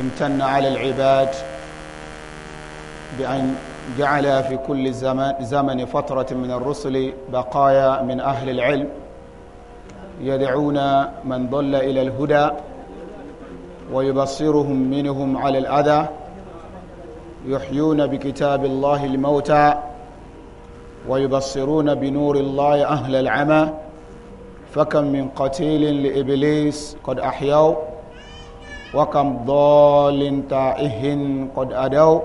امتن على العباد بأن جعل في كل زمن, زمن فترة من الرسل بقايا من أهل العلم يدعون من ضل إلى الهدى ويبصرهم منهم على الأذى يحيون بكتاب الله الموتى ويبصرون بنور الله أهل العمى فكم من قتيل لإبليس قد أحيوا وكم ضال تائه قد أدوا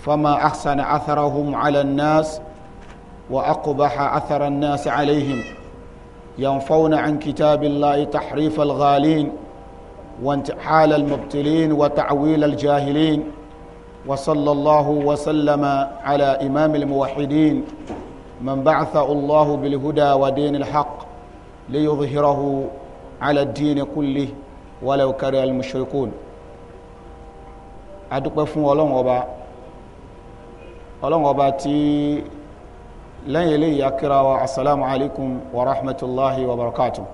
فما أحسن أثرهم على الناس وأقبح أثر الناس عليهم ينفون عن كتاب الله تحريف الغالين وانتحال المبتلين وتعويل الجاهلين وصلى الله وسلم على إمام الموحدين من بعث الله بالهدى ودين الحق ليظهره على الدين كله walaw kariha al-mushrikun adúpẹ́ fún ọlọ́run ọba ọlọ́run ọba ti lẹ́yìn eléyìí akíra wa assalamu alaikum wa rahmatullahi wa barakatuh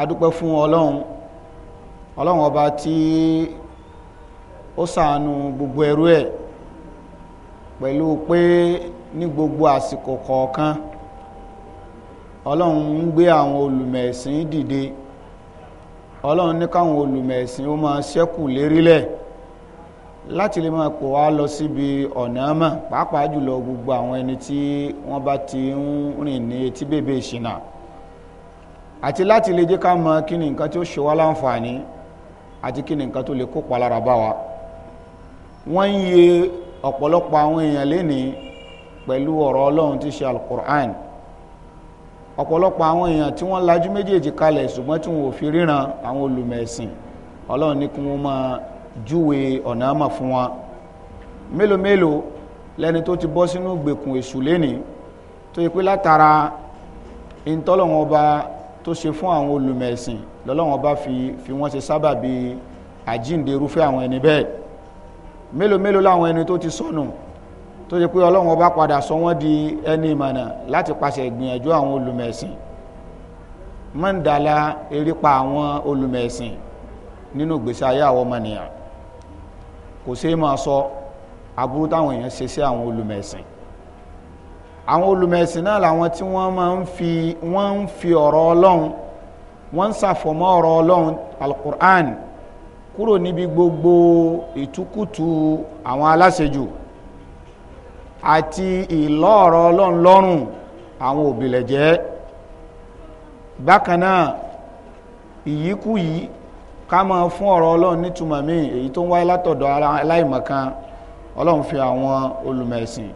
adúpẹ́ fún ọlọ́run ọlọ́run ọba tí ó gbogbo ẹrú ẹ̀ pẹ̀lú pé ní gbogbo àsìkò kọ̀ọ̀kan ọlọ́run ń gbé àwọn olùmẹ̀sìn dìde ọlọ́run ní káwọn olùmẹ̀sìn ó máa ṣẹ́kù lérílẹ̀ láti lè máa pò wá lọ síbi ọ̀nà mọ̀ pàápàá jùlọ gbogbo àwọn ẹni tí wọ́n bá ti ń rìn ní etí bèbè ìṣìnà àti láti lè jẹ́ ká mọ kí ni nǹkan tí ó ṣe wá láǹfààní àti kí ni nǹkan tó lè kópa lára bá wa wọ́n ń ye ọ̀pọ̀lọpọ̀ àwọn èèyàn lénìí pẹ̀lú ọ̀rọ̀ ọlọ́run tí ṣe alukur'an ọ̀pọ̀lọpọ̀ àwọn èèyàn tí wọ́n lajú méjèèjì kalẹ̀ ṣùgbọ́n tí wọn ò fi ríran àwọn olùmẹ̀sìn ọlọ́run ní kí wọ́n máa júwe ọ̀nà àmà fún wọn mélòó mélòó lẹ́ni tó ti bọ́ sínú gbèkùn èṣù lénìí tó yẹ pé látara ìtọ́lọ́wọ́n ọba tó ṣe fún àwọn olùmẹ̀sìn lọ́lọ́wọ́n ọba fi fi wọ́n ṣe sábàbí àjíǹde irúfẹ́ àwọn ẹni bẹ́ẹ̀ mélòó mélòó láwọn ẹni tó ti sọnù tó jẹ́ pé ọlọ́run ọba padà sọ wọ́n di ẹni ìmọ̀nà láti pàṣẹ ìgbìyànjú àwọn olùmẹ̀sìn mọ́ndàlá erípa àwọn olùmẹ̀sìn nínú ìgbésí ayé àwọn ọmọnìyàn kò sí máa sọ aburú táwọn èèyàn ṣe sí àwọn olùmẹ̀sìn àwọn olùmẹ̀sìn náà làwọn tí wọ́n máa ń fi wọ́n ń fi ọ̀rọ̀ ọlọ́run wọ́n ń ṣàfọ̀mọ́ ọ̀rọ̀ ọlọ́run alukur'an kúrò níbi gbogbo ìtukùtù àwọn aláṣejù àti ìlọ́ ọ̀rọ̀ ọlọ́run lọ́rùn àwọn òbílẹ̀ jẹ́ bákan náà ìyíkú yìí ká máa fún ọ̀rọ̀ ọlọ́run nítumọ̀ míì èyí tó ń wáyé látọ̀dọ̀ aláìmọ̀kan ọlọ́run fi àwọn olùmẹ̀sìn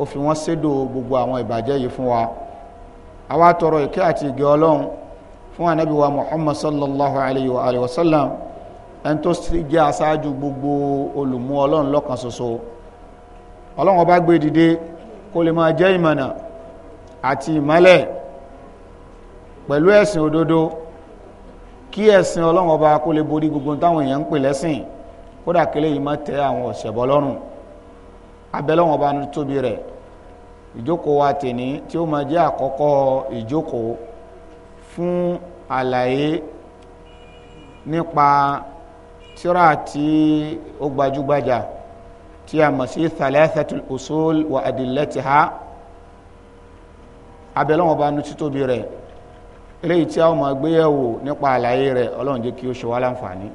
ó fi wọ́n sédò gbogbo àwọn ìbàjẹ́ yìí fún wa àwa tọrọ ìkẹ́ àti ìgẹ́ ọlọ́run fún ànábì wa muhammad sallallahu alayhi wa alayhi wa sallam ẹni tó jẹ́ aṣáájú gbogbo olùmú ọlọ́run lọ́kan ṣoṣo ọlọ́run ọba gbé dìde kó lè máa jẹ́ ìmọ̀nà àti ìmọ́lẹ̀ pẹ̀lú ẹ̀sìn òdodo kí ẹ̀sìn ọlọ́run ọba kó lè borí gbogbo táwọn èèyàn ń pè lẹ́sìn kódà kílé yìí má tẹ àwọn ọ̀ṣẹ̀bọ lọ́rùn abẹ́lọ́run ọba tóbi rẹ̀ ìjókòó wa tèní tí ó máa jẹ́ àkọ́kọ́ ìjókòó fún àlàyé nípa tírà tí ó gbajúgbajà tí a mọ̀ sí thalathatul usul wa adillatiha abẹ́lẹ́wọ̀n bá nu títóbi rẹ̀ eléyìí tí a máa gbéyẹ̀wò nípa àlàyé rẹ̀ ọlọ́run jẹ́ kí ó ṣe wá láǹfààní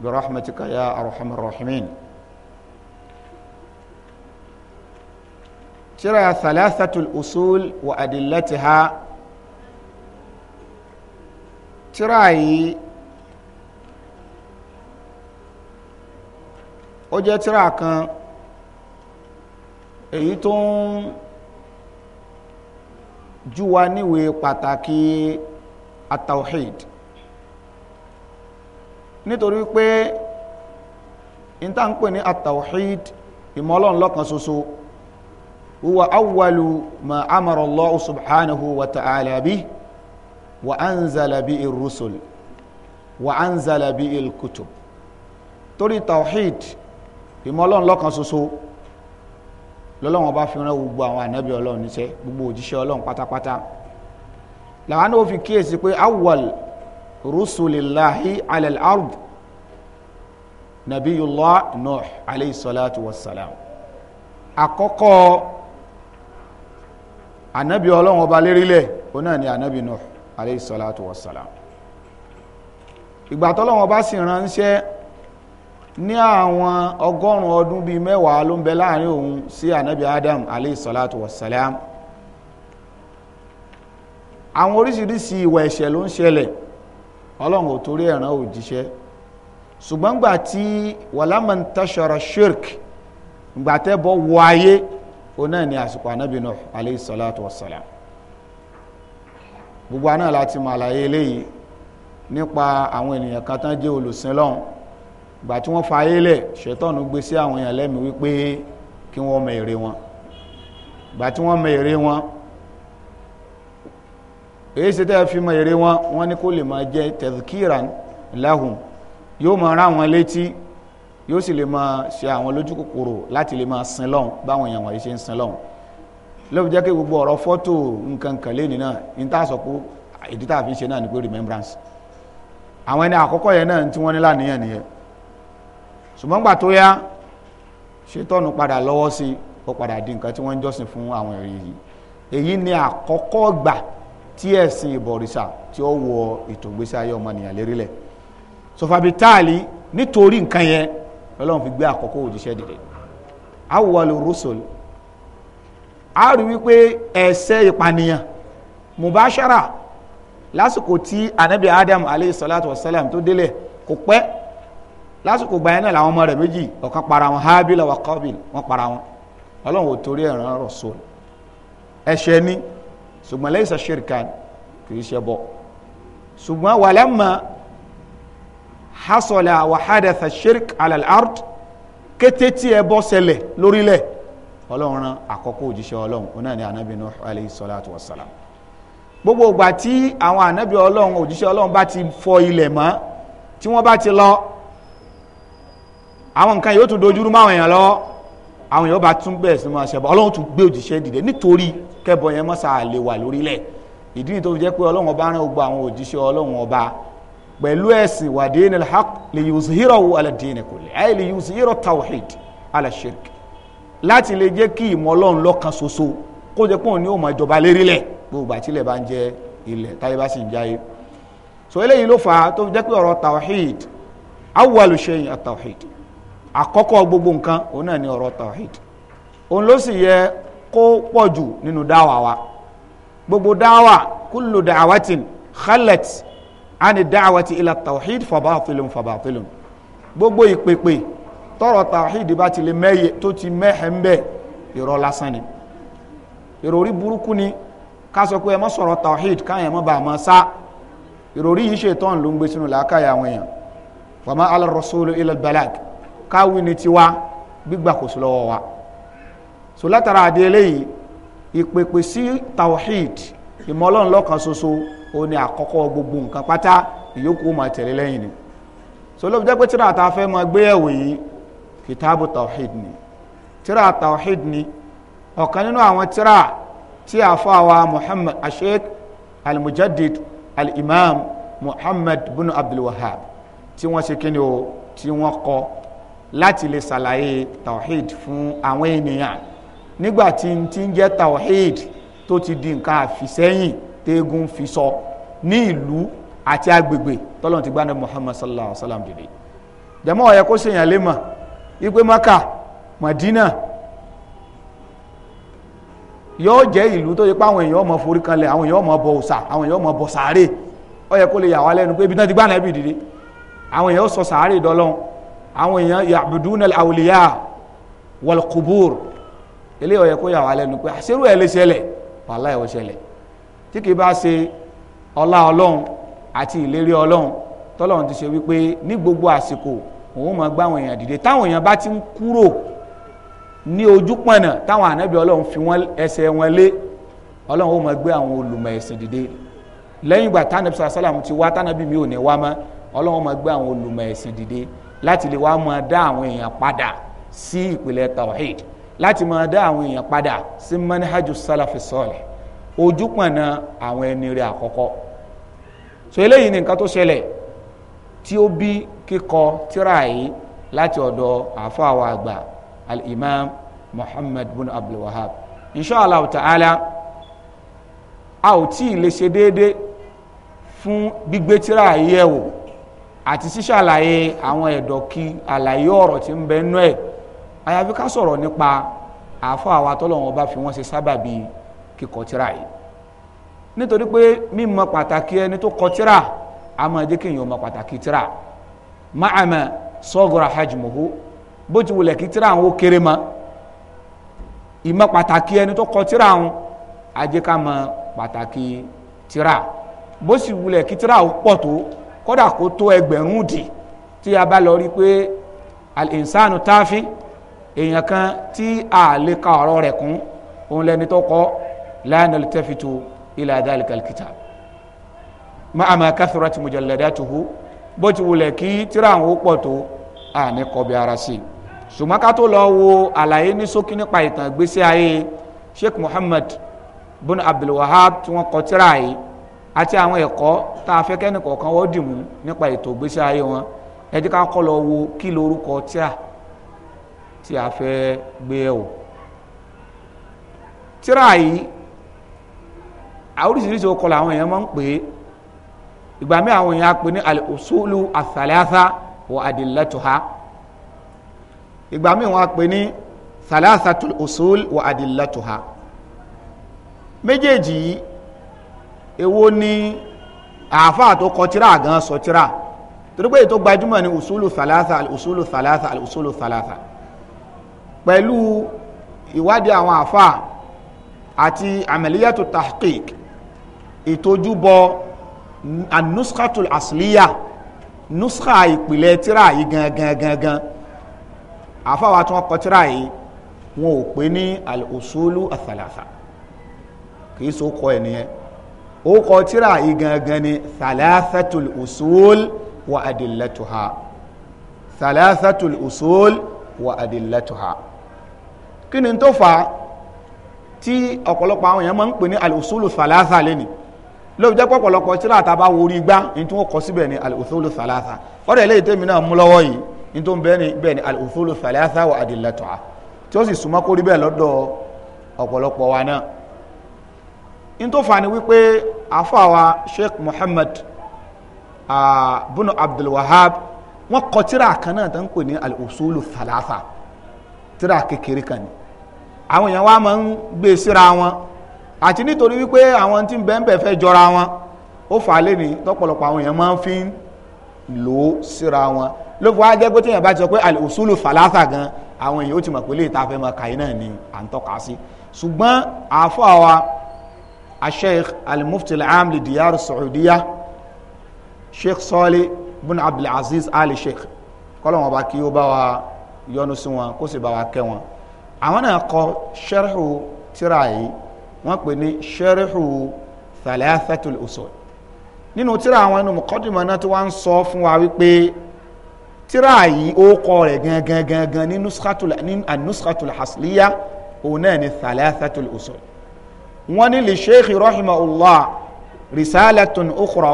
bi rahmatika ya arhamar rahimin tíra thalathatul usul wa adillatiha tíra yìí ó jẹ́ tíra kan èyí tó ń júwa níwèé pàtàkì atawhid nítorí pé ìta ń pè ní atawhid ìmọ́lọ́n lọ́kan ṣoṣo huwa awwalu ma amara Allahu subhanahu wa ta'ala bi wa anzala bi ir-rusul wa anzala bi il torí tawhid ìmọ́lọ́n lọ́kan ṣoṣo lọ́lọ́wọ́n bá fi rán gbogbo àwọn ànábì ọlọ́run níṣẹ́ gbogbo òjíṣẹ́ ọlọ́run pátápátá làwọn náà fi kíyèsí pé awwal rusulillahi alal ard nabiyullah nuh alayhi salatu wassalam àkọ́kọ́ ànábì ọlọ́run ọba lérílẹ̀ ó náà ni ànábì nuh alayhi salatu wassalam ìgbà tọ́lọ́run ọba sì ránṣẹ́ ní àwọn ọgọ́rùn-ún ọdún bíi mẹ́wàá ló ń bẹ láàrin òun sí anabi adam alayhi salatu wa salam àwọn oríṣiríṣi ìwà ẹ̀ṣẹ̀ ló ń ṣẹlẹ̀ ọlọ́run ò torí ẹ̀ràn òjíṣẹ́ ṣùgbọ́n gbà tí wàlámà ń tàṣọ̀rọ̀ shirk gbà tẹ́ bọ́ wọ ayé ó náà ní àsìkò anábì Nuh alayhi salatu wassalam gbogbo aná láti mọ àlàyé eléyìí nípa àwọn ènìyàn kan tán jẹ́ olùsìn lọ́hùn ìgbà tí wọ́n fayé lẹ̀ ṣẹ̀tọ́nù gbé sí àwọn èèyàn lẹ́mìí wípé kí wọ́n mọ èrè wọn ìgbà tí wọ́n mọ èrè wọn èyí ṣe tẹ́ fi mọ èrè wọn wọ́n ní kó lè máa jẹ́ tadhkiran lahum yóò máa rán àwọn létí yóò sì lè máa ṣe àwọn lójú kòkòrò láti lè máa sin lọ́hùn báwọn èèyàn wọ̀nyí ṣe ń sin lọ́hùn lóbi jẹ́ kí gbogbo ọ̀rọ̀ fọ́tò nǹkan kan lé ní tá a sọ pé ìdí tá a fi ń ṣe náà ni pé remembrance àwọn ẹni àkọ́kọ́ yẹn náà tí wọ́n ní láníyàn nìyẹn ṣùgbọ́n gbà tó yá ṣètọ́nù padà lọ́wọ́ sí ó padà di nǹkan tí wọ́n ń jọ́sìn fún àwọn èrè yìí èyí ni àkọ́kọ́ gbà tí ẹ̀sìn ìbọ̀rìṣà tí ó wọ ìtògbésí ayé ọmọnìyàn lérílẹ̀ sọfàbítàlì nítorí nǹkan yẹn ọlọ́run fi gbé àkọ́kọ́ òjíṣẹ́ dìde awwalu rusul a rí wípé ẹ̀ṣẹ̀ ìpànìyàn mubashara lásìkò tí anabi adam aleyhi salatu wa salam tó délẹ̀ kò pẹ́ lásìkò gbà yẹn náà làwọn ọmọ rẹ̀ méjì ọ̀kan para wọn habil wa qabil wọn para wọn ọlọ́run ò torí ẹ̀ràn rasul ẹ̀ṣẹ̀ ni ṣùgbọ́n laysa shirkan kì í ṣe bọ́ ṣùgbọ́n walamma hasala wa hadatha shirk ala al-ard kété tí ẹ bọ́ ṣẹlẹ̀ lórílẹ̀ ọlọ́run rán àkọ́kọ́ òjíṣẹ́ ọlọ́run ó náà ní anabi nuh alayhi salatu wa gbogbo ìgbà tí àwọn anabi ọlọ́run òjíṣẹ́ ọlọ́run bá ti fọ ilẹ̀ mọ́ tí wọ́n bá ti lọ àwọn nǹkan yóò tún dojúrú máwọn èèyàn lọ àwọn èèyàn bá tún bẹ̀rẹ̀ sí máa ṣẹbọ ọlọ́run tún gbé òjíṣẹ́ dìde nítorí kẹbọ yẹn mọ́sà lè wà lórílẹ̀ ìdí nìyí tó fi jẹ́ pé ọlọ́run ọba rán gbogbo àwọn òjíṣẹ́ ọlọ́run ọba pẹ̀lú ẹ̀sìn wa dinil haq li yuzhirahu ala dini kulli ay li yuzhira tawhid ala shirk láti lè jẹ́ kí ìmọ̀ ọlọ́run lọ́kan ṣoṣo kó jẹ́ pọ́n ní ó máa lérílẹ̀ gbogbo àtìlẹ̀ bá ń jẹ́ ilẹ̀ táyé bá sì ń jáyé so eléyìí ló fà á tó fi jẹ́ pé ọ̀rọ̀ tawhid awwalu shay'in tawhid àkọ́kọ́ gbogbo nǹkan òun náà ni ọ̀rọ̀ tawhid òun ló sì yẹ kó pọ̀ jù nínú dáwà wa gbogbo dáwà kullu da'watin khalat ani da'wati ila tawhid fabatilun fabatilun gbogbo ìpèpè tọrọ tawhid bá ti lè mẹ́yẹ tó ti mẹ́hẹ̀ ń bẹ̀ irọ́ lásán ni ìròrí burúkú ni ká sọ pé ẹ má sọ̀rọ̀ tawhid káyẹ̀ mọ́ bá mọ́ sá ìròrí yìí ṣètọ́n ló ń gbé sínú làákàyà àwọn èèyàn wa ma ala balag káwí ni tiwa gbígbà kò sí lọ́wọ́ wa so látara àdé eléyìí ìpèpè sí tawhid ìmọ̀lọ́run lọ́kan soso òun ni àkọ́kọ́ gbogbo nǹkan pátá ìyókù ó máa tẹ̀lé lẹ́yìn ni so ló fi jẹ́ pé tíra àtà fẹ́ máa gbé ẹ̀wò yìí kìtàbù tawhid ni tíra tawhid ni ọ̀kan nínú àwọn tíra tí àfáwa muhammad asheik al-mujaddid al-imam muhammad bin abdulwahab tí wọ́n ṣe kíni o tí wọ́n kọ láti lè ṣàlàyé tawhid fún àwọn ènìyàn nígbà tí n ti ń jẹ́ tawhid tó ti di nǹkan àfisẹ́yìn téégún fi sọ ní ìlú àti agbègbè tọ́lọ́n ti gbáná Muhammad sallallahu alaihi wa sallam dìde jẹ́mọ́ ọ̀yẹ́ kó ṣèyàn lé mọ̀ ipe Maka Madina yóò jẹ́ ìlú tó yẹ pé àwọn èèyàn ọmọ forí kanlẹ̀ àwọn èèyàn ọmọ bọ òòṣà àwọn èèyàn ọmọ bọ sàárè ó yẹ kó lè yà wá lẹ́nu pé ibi náà ti gbá nàbì dìde àwọn èèyàn sọ sàárè dọ́lọ́hún àwọn èèyàn ya'buduna al-awliya wal-qubur eléyìí ó yẹ kó yà wá lẹ́nu pé àṣírò ẹ̀ lè ṣẹlẹ̀ wàláhì ó ṣẹlẹ̀ tí kì í bá ṣe ọlá ọlọ́run àti ìlérí ọlọ́run tọ́lọ́run ti ṣe wípé ní gbogbo àsìkò òun máa gbá àwọn èèyàn dìde táwọn èèyàn bá ti ń kúrò ní ojú pọ̀nà táwọn ànábì ọlọ́run fi wọ́n ẹsẹ̀ wọn lé ọlọ́run ó máa gbé àwọn olùmọ̀ ẹ̀sìn dìde lẹ́yìn ìgbà tánàbí sàlám ti wá tánàbí mi ò ní wá mọ́ ọlọ́run ó máa gbé àwọn olùmọ̀ ẹ̀sìn dìde láti lè wá máa dá àwọn èèyàn padà sí ìpìlẹ̀ tawhid láti máa dá àwọn èèyàn padà sí manhaju salafi sọlẹ ojúpọnà àwọn ẹni rẹ̀ àkọ́kọ́ so eléyìí ni nǹkan tó ṣẹlẹ̀ tí ó bí kíkọ tírà yìí láti ọ̀dọ̀ àáfàá wa àgbà al-imam muhammad bin abdul wahab inshallah a ò tí ì lè ṣe déédéé fún gbígbé tírà yìí yẹ̀ wò àti ṣíṣàlàyé àwọn ẹ̀dọ̀kí àlàyé ọ̀rọ̀ tí ń bẹ nú ẹ̀ àyàfi ká sọ̀rọ̀ nípa àáfàá wa tọ́lọ́wọ́n bá fi wọ́n ṣe sábàbí kíkọ tírà yìí nítorí pé mímọ̀ pàtàkì ẹni tó kọ tírà a máa jẹ́ kéèyàn mọ̀ pàtàkì tírà máàmà sọ́gọ́ra hajjmuhu bó ti wulẹ̀ kí tírà àwọn ó kéré mọ́ ìmọ̀ pàtàkì ẹni tó kọ tírà àwọn a jẹ́ pàtàkì tírà bó sì wulẹ̀ kí tírà ó pọ̀ tó kódà kó tó ẹgbẹ̀rún dì tí a bá lọ rí pé al-insanu tafi èèyàn kan tí a lè ka ọ̀rọ̀ rẹ̀ kún òun lẹni tó kọ́ la naltafitu ila dhalika al-kitab ma'ama kathrati mujalladatuhu bó ti wulẹ̀ kí tíra àwọn ó pọ̀ tó a ní kọbi ara sí ṣùgbọ́n ká tó lọ wo àlàyé ní ṣókí nípa ìtàn ìgbésí ayé Sheikh Muhammad bin Abdul tí wọ́n kọ tíra yìí àti àwọn ẹ̀kọ́ tá a fẹ́ kẹ́nìkọ̀ọ̀kan wọ́n dì mú nípa ètò ìgbésí ayé wọn ẹ jẹ́ ká kọ́ lọ wo kí lorúkọ tíà tí a fẹ́ gbé ẹ̀wò tíra yìí oríṣiríṣi ọkọ làwọn èèyàn máa ń pè é ìgbà mi àwọn èèyàn á pè ní al-usulu ath-thalatha ìgbà mi wọn á pè ní thalathatul usul wa adillatuha méjèèjì yìí èwo ni àáfà tó kọ tíra gan sọ tíra torí pé ètò gbajúmọ̀ ni usulu thalatha usulu thalatha usulu thalatha pẹ̀lú ìwádìí àwọn àáfà àti amaliyatu tahqiq ìtojúbọ anuskatul asliya nuska ìpìlẹ̀ tíra yìí gangan gangan àáfà wa tí wọ́n yìí wọn ò pè ní al usulu thalatha kì í so kọ ẹ̀ nìyẹn ó kọ tíra igangan ni thalathatul usul wa adillatuha thalathatul usul wa adillatuha kí ni tó fa tí ọ̀pọ̀lọpọ̀ àwọn èèyàn máa ń pè ní al-usulu thalatha lẹ́ni lóbi jẹ́ pọ̀pọ̀lọpọ̀ tíra tàbá orí gbá ní tí wọ́n kọ síbẹ̀ ni al-usulu thalatha ọ̀rẹ́ ilé ìtẹ́mi náà mú lọ́wọ́ yìí ní tó ń bẹ́ẹ̀ ni al-usulu thalatha wa adillatuha tí ó sì súnmọ́ kórí bẹ́ẹ̀ lọ́dọ̀ ọ̀pọ̀lọpọ̀ wa náà in tó fà wípé àfọwà Sheikh Muhammad uh, Abdul Wahab wọn kọ tíra kan náà tó ń ní al-usulu thalatha tíra kékeré kan ni àwọn èèyàn wa máa ń gbé e síra wọn àti nítorí wípé àwọn tí ń bẹ́ẹ̀ fẹ́ jọra wọn ó fà á lé ní tọ́pọ̀lọpọ̀ àwọn èèyàn máa ń fi lò ó síra wọn ló fi jẹ́ pé téèyàn bá ti sọ pé al-usulu thalatha gan àwọn èèyàn ó ti mọ̀ pé lè ta fẹ́ mọ kàyé náà ni à ń tọ́ka sí ṣùgbọ́n àfọwà. الشيخ المفتي العام لديار السعودية شيخ صالح بن عبد العزيز آل شيخ kọ́lọ̀ wọn bá kí ó bá wa yọ́nú sí wọn kó sì bá wa kẹ́ wọn àwọn náà kọ sẹ́rìhù tíra yìí wọ́n pè ní sẹ́rìhù thalathatul usul nínú tíra àwọn inú mọ̀kọ́dùmọ̀ náà tí wọ́n ń sọ fún wa wípé tíra yìí ó kọ rẹ̀ gangan gangan ní nuskatul hasliya òun náà ní thalathatul usul wọ́n ní lè ṣéèkì rahimahullah risalatun ukhra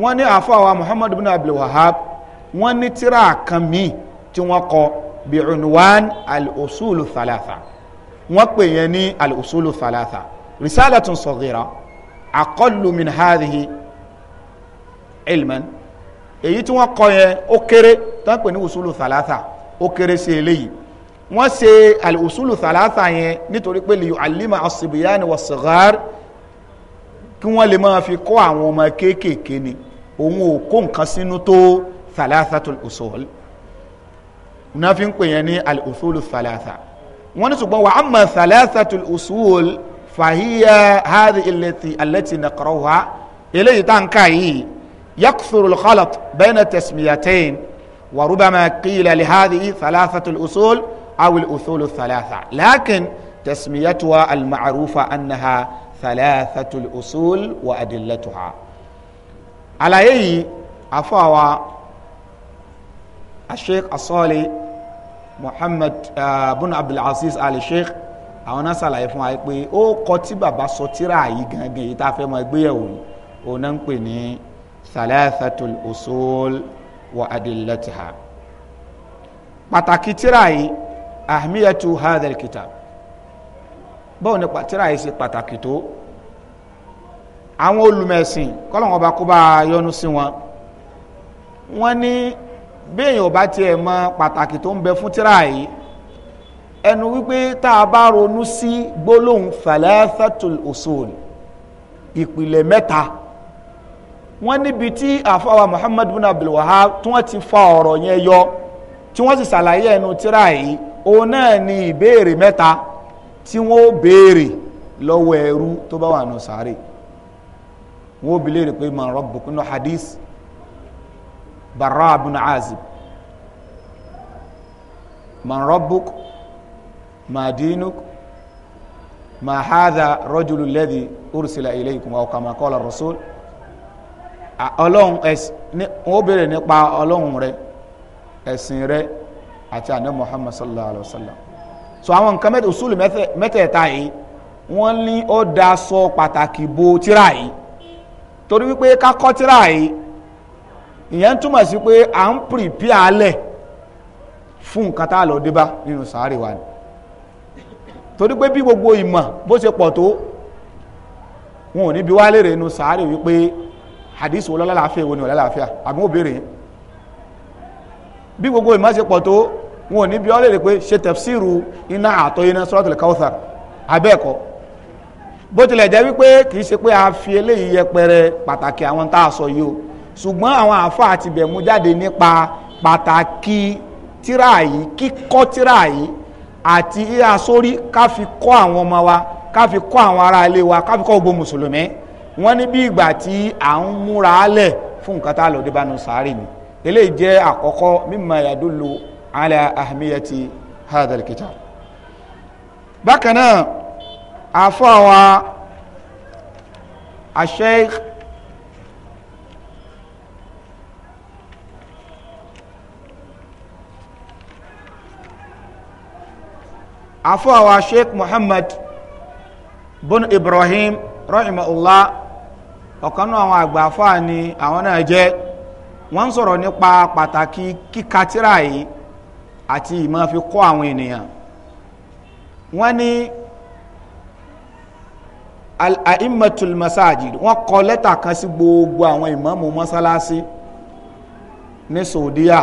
wọ́n ní àfọwà muhammadu bin abdul wahab wọ́n ní tíra kan míì tí wọ́n kọ bí unwan al-usulu thalatha wọ́n pè yẹn ní al-usulu thalatha risalatun saghira aqallu min hadhihi ilman èyí tí wọ́n kọ yẹn ó kéré tán pè ní usulu thalatha ó kéré sí eléyìí wọ́n ṣe alùsùlù thalatha yẹn nítorí pé lè alima asibiyani wa sigar kí wọ́n lè máa fi kọ́ àwọn ọmọ kéékèèké ni òun ò kó nǹkan sínú tó thalathatul usul wọ́n fi ń pè yẹn ní alùsùlù thalatha wọ́n ní ṣùgbọ́n wa amma thalathatul usul fahiya hadi ilẹ̀tì alẹ́tì nàkọ́rọ́wà eléyìí tá n ká yìí yakthuru al-khalat bayna tasmiyatain أو الأصول الثلاثة لكن تسميتها المعروفة أنها ثلاثة الأصول وأدلتها على أي أفاوى الشيخ الصالي محمد بن عبد العزيز آل الشيخ àwọn náà ṣàlàyé fún wa pé ó kọ tí bàbá sọ tíra yìí gangan yìí tá a fẹ́ mọ ẹgbéyàwó yìí òun náà ń pè ní thalathatul usul wa adillatiha pàtàkì tíra yìí ahmiyatu hadha alkitab báwo ni tírà yìí ṣe pàtàkì tó àwọn olùmẹ̀sìn kọ́lọ́wọ́n ọba kó bá yọ́nú sí wọn wọ́n ní béèyàn ọba tiẹ̀ mọ pàtàkì tó ń bẹ fún tírà yìí ẹnu wípé tá a bá ronú sí gbólóhùn thalathatul usul ìpìlẹ̀ mẹ́ta wọ́n níbi tí àfọwà Muhammad bin Abdul tí wọ́n ti fa ọ̀rọ̀ yẹn yọ tí wọ́n sì ṣàlàyé ẹnu tíra yìí òun náà ni ìbéèrè mẹ́ta tí wọ́n ó béèrè lọ́wọ́ ẹrú tó bá wà nù sáré wọ́n ó bi léèrè pé man rabbuk nínú hadith barra ibn azib man rabbuk ma dinuk ma hadha rajulu alladhi ursila ilaykum aw kama qala ọlọ́run ẹ̀sìn wọ́n ó béèrè nípa ọlọ́run rẹ̀ ẹ̀sìn rẹ àti àná muhammad sallallahu alayhi wa sallam so àwọn nǹkan metu usulu mẹ́tẹ̀ẹ̀ta yìí wọ́n ní ó da sọ pàtàkì bo tíra yìí torí wípé kákọ́ tíra yìí ìyẹn túmọ̀ sí pé à ń pìrìpì alẹ̀ fún nǹkan tá a lọ dé bá nínú sàárè wa ni torí pé bí gbogbo ìmọ̀ bó ṣe pọ̀ tó wọn ò ní bi wá léèrè nínú sàárè ni làáfíà àbí bí gbogbo ìmọ̀sepọ̀ tó wọn ò ní bí ọ́ lè rè pé ṣe tafsiru iná àtọ́ iná suratul Kawthar abẹ́ẹ̀kọ́ bó tilẹ̀ jẹ́ wípé kì í ṣe pé a fi eléyìí yẹpẹrẹ pàtàkì àwọn tá a sọ yìí o ṣùgbọ́n àwọn àáfà àti bẹ̀mú jáde nípa pàtàkì tíra yìí kíkọ́ tíra yìí àti ìhà sórí ká fi kọ́ àwọn ọmọ wa ká fi kọ́ àwọn ará ilé wa ká fi kọ́ gbogbo mùsùlùmí wọ́n ní bí ìgbà tí à ń múra lẹ̀ fún nǹkan tá a lò dé bá ni eléyìí jẹ́ àkọ́kọ́ mimma yadullu ala ahmiyati hadhal kitab bákan náà àfọwà asheikh àfọwà sheikh muhammad bun ibrahim rahimahullah ọ̀kan náà àwọn àgbà àfọwà ni àwọn náà jẹ́ wọ́n ń sọ̀rọ̀ nípa pàtàkì kíka tírà yìí àti ìmọ̀ fi kọ́ àwọn ènìyàn wọ́n ní al-a'immatul masajid wọ́n kọ lẹ́tà kan sí gbogbo àwọn ìmáàmù mọ́sálásí ní Saudiya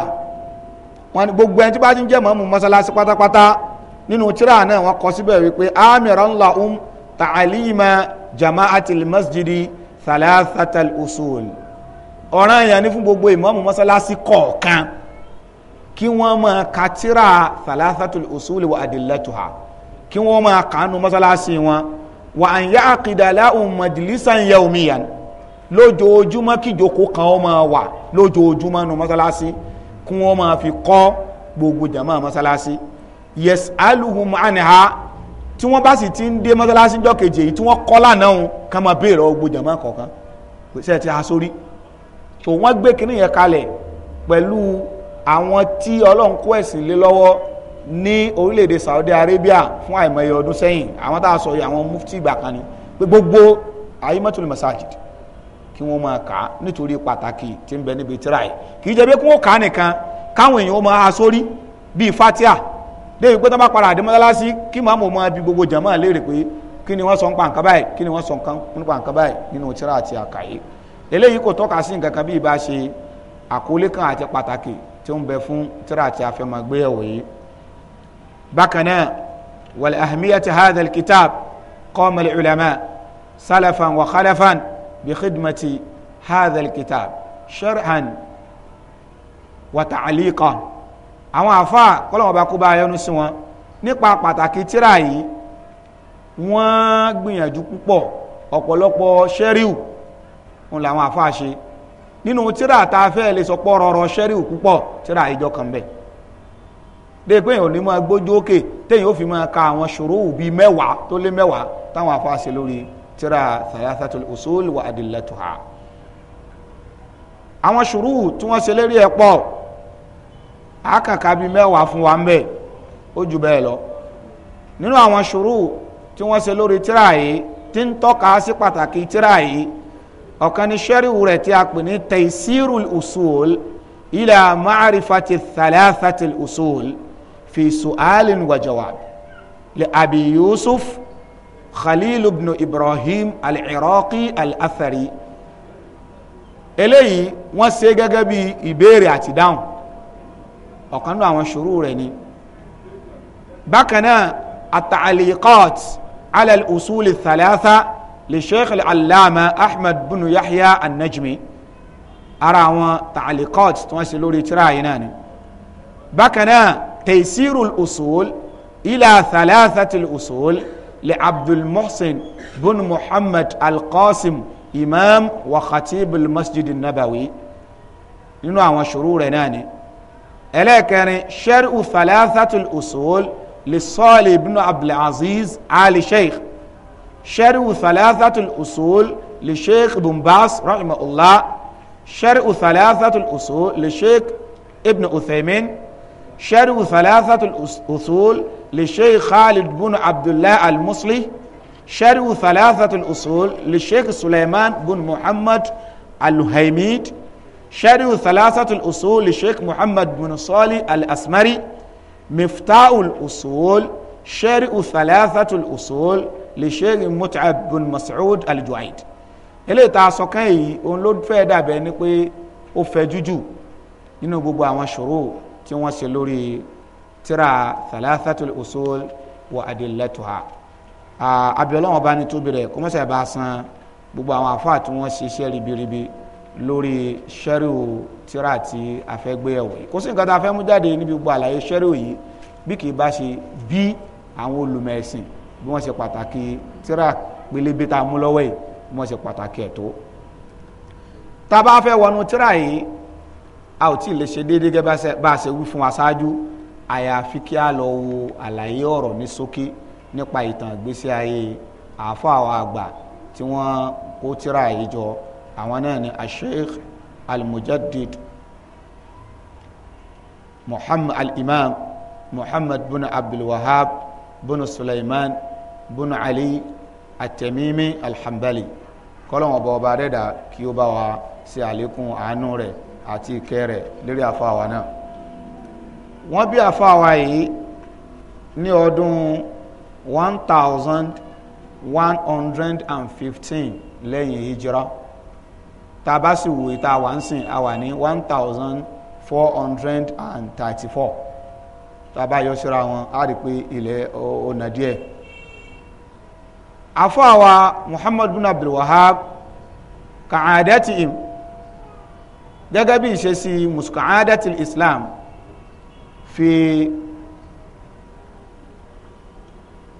wọ́n ní gbogbo ẹni tí bá ti ń jẹ́ ìmáàmù mọ́sálásí pátápátá nínú tírà náà wọ́n kọ síbẹ̀ wípé amiran lahum ta'alima jama'atil masjidi thalathatal usul ọ̀ràn yẹn ni fún gbogbo ìmáàmù mọ́sálásí kọ̀ọ̀kan kí wọ́n máa ka tírà thalathatul usuli wa adillatuha kí wọ́n máa kàánu mọ́sálásí wọn wa an ya'qida lahum majlisan yawmiyan lójoojúmọ́ kíjoko kan ó máa wà lójoojúmọ́ nu mọ́sálásí kí wọ́n máa fi kọ́ gbogbo jama mọ́sálásí yas'aluhum anha tí wọ́n bá sì ti ń dé mọ́sálásí jọ́kejì èyí tí wọ́n kọ́ lánàá kan béèrè ọgbó jama kọ̀ọ̀kan ṣe ti ha sórí so wọ́n gbé kinní yẹn kalẹ̀ pẹ̀lú àwọn tí ọlọ́run kó ẹ̀sìn lé lọ́wọ́ ní orílẹ̀-èdè Saudi Arabia fún àìmọye ọdún sẹ́yìn àwọn tá a sọ yìí àwọn mufti ìgbà kan ni pé gbogbo ayémọ́tò ní masajid kí wọ́n máa kà á nítorí pàtàkì tí ń bẹ níbi tíra yìí kì í jẹ́ pé kí wọ́n kà á nìkan káwọn èèyàn máa sórí bíi fatia débi pé tó bá padà kí màmú máa bi gbogbo jàmáà léèrè pé kí ni wọ́n sọ ń pa nǹkan báyìí kí ni wọ́n sọ ń pa nǹkan báyìí nínú tíra àti àkàyè eléyìí kò tọ́ka sí nǹkan kan bí ibà ṣe àkólé kan àti pàtàkì tí ó ń bẹ fún tíra àti afẹ́mọ̀gbé ẹ̀wọ̀ yìí bákan náà wal ahmiyati hadha alkitab qama alulama salafan wa khalafan bi khidmati hadha alkitab sharhan wa ta'liqan àwọn àfáà kọ́lọ́wọ́n bá kú bá yọ́nú sí wọn nípa pàtàkì tíra yìí wọ́n gbìyànjú púpọ̀ ọ̀pọ̀lọpọ̀ sheriu òun làwọn àfáà ṣe nínú tíra tá a fẹ́ lè sọ pọ́ rọrọ ṣẹ́ríù púpọ̀ tíra ìjọ kan bẹ̀ de pé èèyàn ní máa gbójú òkè téèyàn ó fi máa ka àwọn ṣòro bíi mẹ́wàá tó lé mẹ́wàá táwọn àfáà ṣe lórí tíra thalathatul usul wa adillatuha àwọn ṣòro tí wọ́n ṣe lérí ẹ̀ pọ̀ àkàkà bíi mẹ́wàá fún wa ń ó jù bẹ́ẹ̀ lọ nínú àwọn ṣòro tí wọ́n ṣe lórí tíra yìí tí ń tọ́ka sí pàtàkì tíra yìí ọ̀kan ní sẹ́ríwù rẹ̀ tí a pè ní taisirul usul ila ma'rifati thalathatil usul fi su'alin wa jawab li abi yusuf khalil ibn ibrahim al-iraqi al-athari eléyìí wọ́n ṣe gẹ́gẹ́ bí ìbéèrè àti dáhùn ọ̀kan nínú àwọn ṣòro rẹ̀ ni bákan náà at-ta'liqat usul thalatha للشيخ العلامة أحمد بن يحيى النجمي أراوا تعليقات تواصلوري تراينا بكنا تيسير الأصول إلى ثلاثة الأصول لعبد المحسن بن محمد القاسم إمام وخطيب المسجد النبوي ينوع وشرور ناني ألا كان شرع ثلاثة الأصول للصالح بن عبد العزيز آل شيخ شرع ثلاثة الأصول لشيخ بن باس رحمه الله شرع ثلاثة الأصول لشيخ ابن أثيمين شرع ثلاثة الأصول لشيخ خالد بن عبد الله المصلي شرع ثلاثة الأصول لشيخ سليمان بن محمد الهيميد شرع ثلاثة الأصول لشيخ محمد بن صالح الأسمري مفتاح الأصول شرع ثلاثة الأصول lè ṣeéhì Mut'ab bin Mas'ud al-Ju'ayd eléyìí tá a sọ kán yìí òun ló fẹ́ dàbẹ̀ ni pé ó fẹ́ jújù nínú gbogbo àwọn ṣòro tí wọ́n ṣe lórí tíra thalathatul usul wa adillatuha abiolóhùn bá ní tóbi rẹ̀ kó mọ́sẹ̀ bá san gbogbo àwọn àfáà tí wọ́n ṣiṣẹ́ ribiribi lórí ṣẹ́ríò tíra tí a fẹ́ kó sì nǹkan tá a níbi gbogbo àlàyé ṣẹ́ríò yìí bí kì í bá ṣe bí àwọn olùmọ̀ ẹ̀sìn bí wọ́n ṣe pàtàkì tíra pélébé tá a mú lọ́wọ́ yìí bí wọ́n ṣe pàtàkì ẹ̀ tó tá a bá fẹ́ wọnú tíra yìí a ò tí ì lè ṣe déédéé gẹ́gẹ́ bá a ṣe wí fún wa ṣáájú àyàfi kí a lọ wo àlàyé ọ̀rọ̀ ní ṣókí nípa ìtàn ìgbésí ayé àáfàá àwọn àgbà tí wọ́n kó tíra yìí jọ àwọn náà ni asheikh almujaddid muhammad al-imam muhammad bin abdulwahab bunu suleiman bunu ali atẹmimi alhambali kọlọ́n ọba ọba rẹ̀dà kí ó bá wa ṣe àlékún àánú rẹ̀ àti ìkẹ́ rẹ̀ lórí àfàwà náà wọ́n bí àfàwà yìí ní ọdún one thousand one hundred and fifteen lẹ́yìn hijira tá bá sì wò ìta wà one thousand four hundred and thirty-four tá a bá yọ síra wọn á rí pé ilẹ̀ ọ̀nà díẹ̀ afọ́àwa muhammad bin abdul wahab kàádẹ́tì im gẹ́gẹ́ bí ìṣesí muskàádẹ́tì islam fi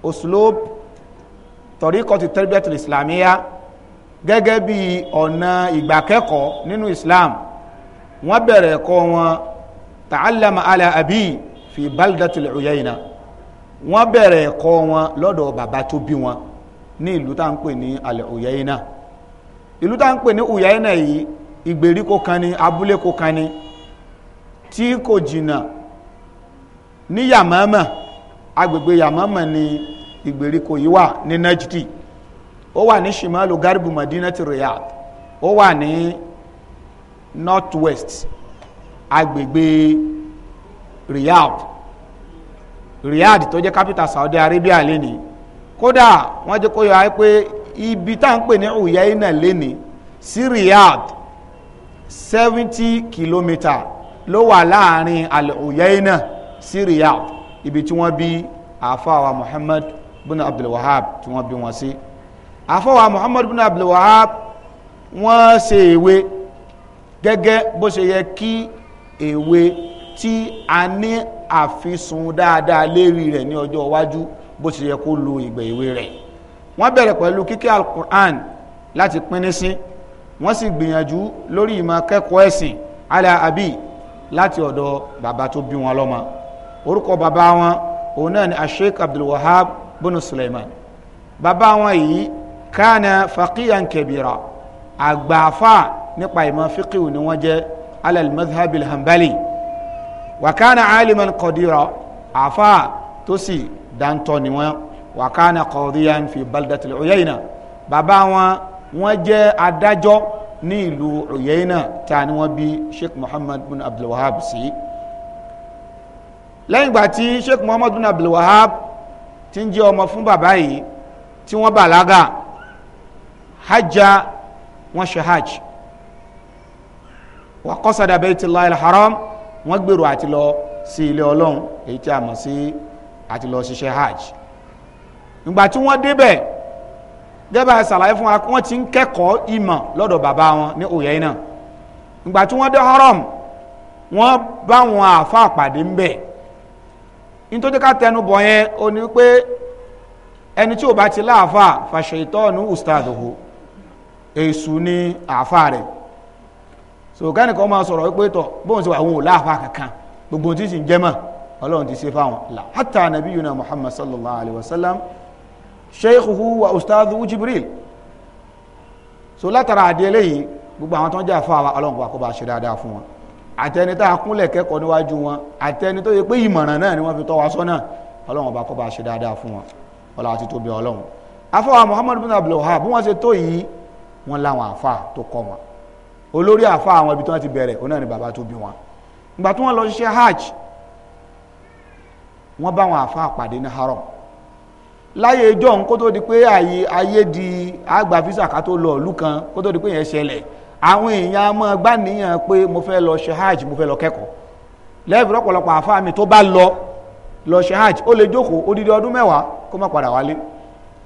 uslub tọ̀ríkọ̀tì tẹ́rìbẹ́tì islamiyya gẹ́gẹ́ bí ọ̀nà ìgbàkẹ́kọ̀ọ́ nínú islam wọ́n bẹ̀rẹ̀ ẹ̀kọ́ wọn ta'allama ala fi baldatil uyayna wọ́n bẹ̀rẹ̀ ẹ̀kọ́ wọn lọ́dọ̀ bàbá tó bí wọn ní ìlú tá ń pè ní al uyayna ìlú tá ń pè ní uyayna yìí ìgbèríko kan ni abúlé ko kan ni tí kò jìnnà ní yàmọ́mọ́ agbègbè yàmọ́mọ́ ni ìgbèríko yìí wà ní najdi ó wà ní shimalu garbu madinati riyadh ó wà ní northwest agbègbè riyadh Riyadh tó jẹ́ capital Saudi Arabia lẹ́ni kódà wọ́n jẹ́ kó yọ ayé pé ibi tá à ń pè ní Uyayna lẹ́ni sí Riyadh seventy kilometre ló wà láàrin al-Uyayna sí Riyadh ibi tí wọ́n bí àfáwà Muhammad bin Abdul Wahab tí wọ́n bí wọn sí àfáwà Muhammad bin Abdul Wahab wọ́n ṣe èwe gẹ́gẹ́ bó ṣe yẹ kí èwe tí a ní àfisùn dáadáa lérí rẹ̀ ní ọjọ́ iwájú bó ti yẹ kó lo ìgbà ìwé rẹ̀ wọ́n bẹ̀rẹ̀ pẹ̀lú kíkẹ́ alukur'an láti pín ní sí wọ́n sì gbìyànjú lórí ìmọ̀ kẹ́kọ̀ọ́ ẹ̀sìn ala abi láti ọ̀dọ̀ bàbá tó bí wọn lọ́mọ orúkọ bàbá wọn òun náà ni asheik abdulwahab bunu suleiman bàbá wọn yìí kánà faqiyan kabira àgbààfà nípa ìmọ̀ fíkìwù ni wọ́n jẹ́ alal madhhabil hanbali wàkánà aliman kọdírọ àfa tó sì dáńtọ́ ni wọn wàkánà kọdíyan fi baldatil uyayna bàbá wọn wọn jẹ́ adájọ́ ní ìlú uyayna ta ni wọn bí sheikh muhammad bin abdulwahab sí lẹ́yìn ìgbà tí sheikh muhammad bin abdulwahab ti ń jẹ́ ọmọ fún bàbá yìí tí wọ́n bàlágà hajjá wọ́n ṣe hajj wa qasada baytillahi alharam wọ́n gbèrò àti lọ sí ilé ọlọ́run èyí tí a mọ̀ sí àti lọ ṣiṣẹ́ hajj ìgbà tí wọ́n débẹ̀ gẹ́gẹ́ ṣàlàyé fún wa wọ́n ti ń kẹ́kọ̀ọ́ ìmọ̀ lọ́dọ̀ bàbá wọn ní òye náà ìgbà tí wọ́n dé haram wọ́n bá wọn àáfàá pàdé ń nítorí tẹnu bọ̀ yẹn ó ní pé ẹni tí ò bá ti láàfà fàṣẹ ìtọ́ọ̀nù ustaduhu èṣù ni àáfàá rẹ̀ so kẹ́nìkan máa sọ̀rọ̀ wípé tọ̀ bóun ṣe wà àwọn òláàfà kankan gbogbo tí sì ń jẹ́mọ̀ ọlọ́run ti ṣe fáwọn là hátà nabiyuna muhammad sallallahu alayhi wa sallam sheikhuhu wa ustadhu jibril so látara àdéhélé yìí gbogbo àwọn tó ń jà fún wa ọlọ́run kó bá ṣe dáadáa fún wọn àtẹni tá a kúnlẹ̀ kẹ́kọ̀ọ́ níwájú wọn àtẹni tó yẹ pé ìmọ̀ràn náà ni wọ́n fi tọ́ wa sọ́nà ọlọ́run bá kó bá ṣe dáadáa fún wọn ọlọ́run olórí àfa àwọn ibi tí wọ́n ti bẹ̀rẹ̀ òun náà ni bàbá tó bí wọn ìgbà tí lọ ṣiṣẹ́ hajj wọn bá wọn àfa àpàdé ní haram láyé ijọ́ ń kó tó di pé ayé ayé di àgbà físà ká tó lọ ìlú kan kó tó di pé yẹn àwọn hajj mo lọ mi tó bá lọ lọ hajj ó lè jókòó odidi ọdún mẹ́wàá kó má padà wálé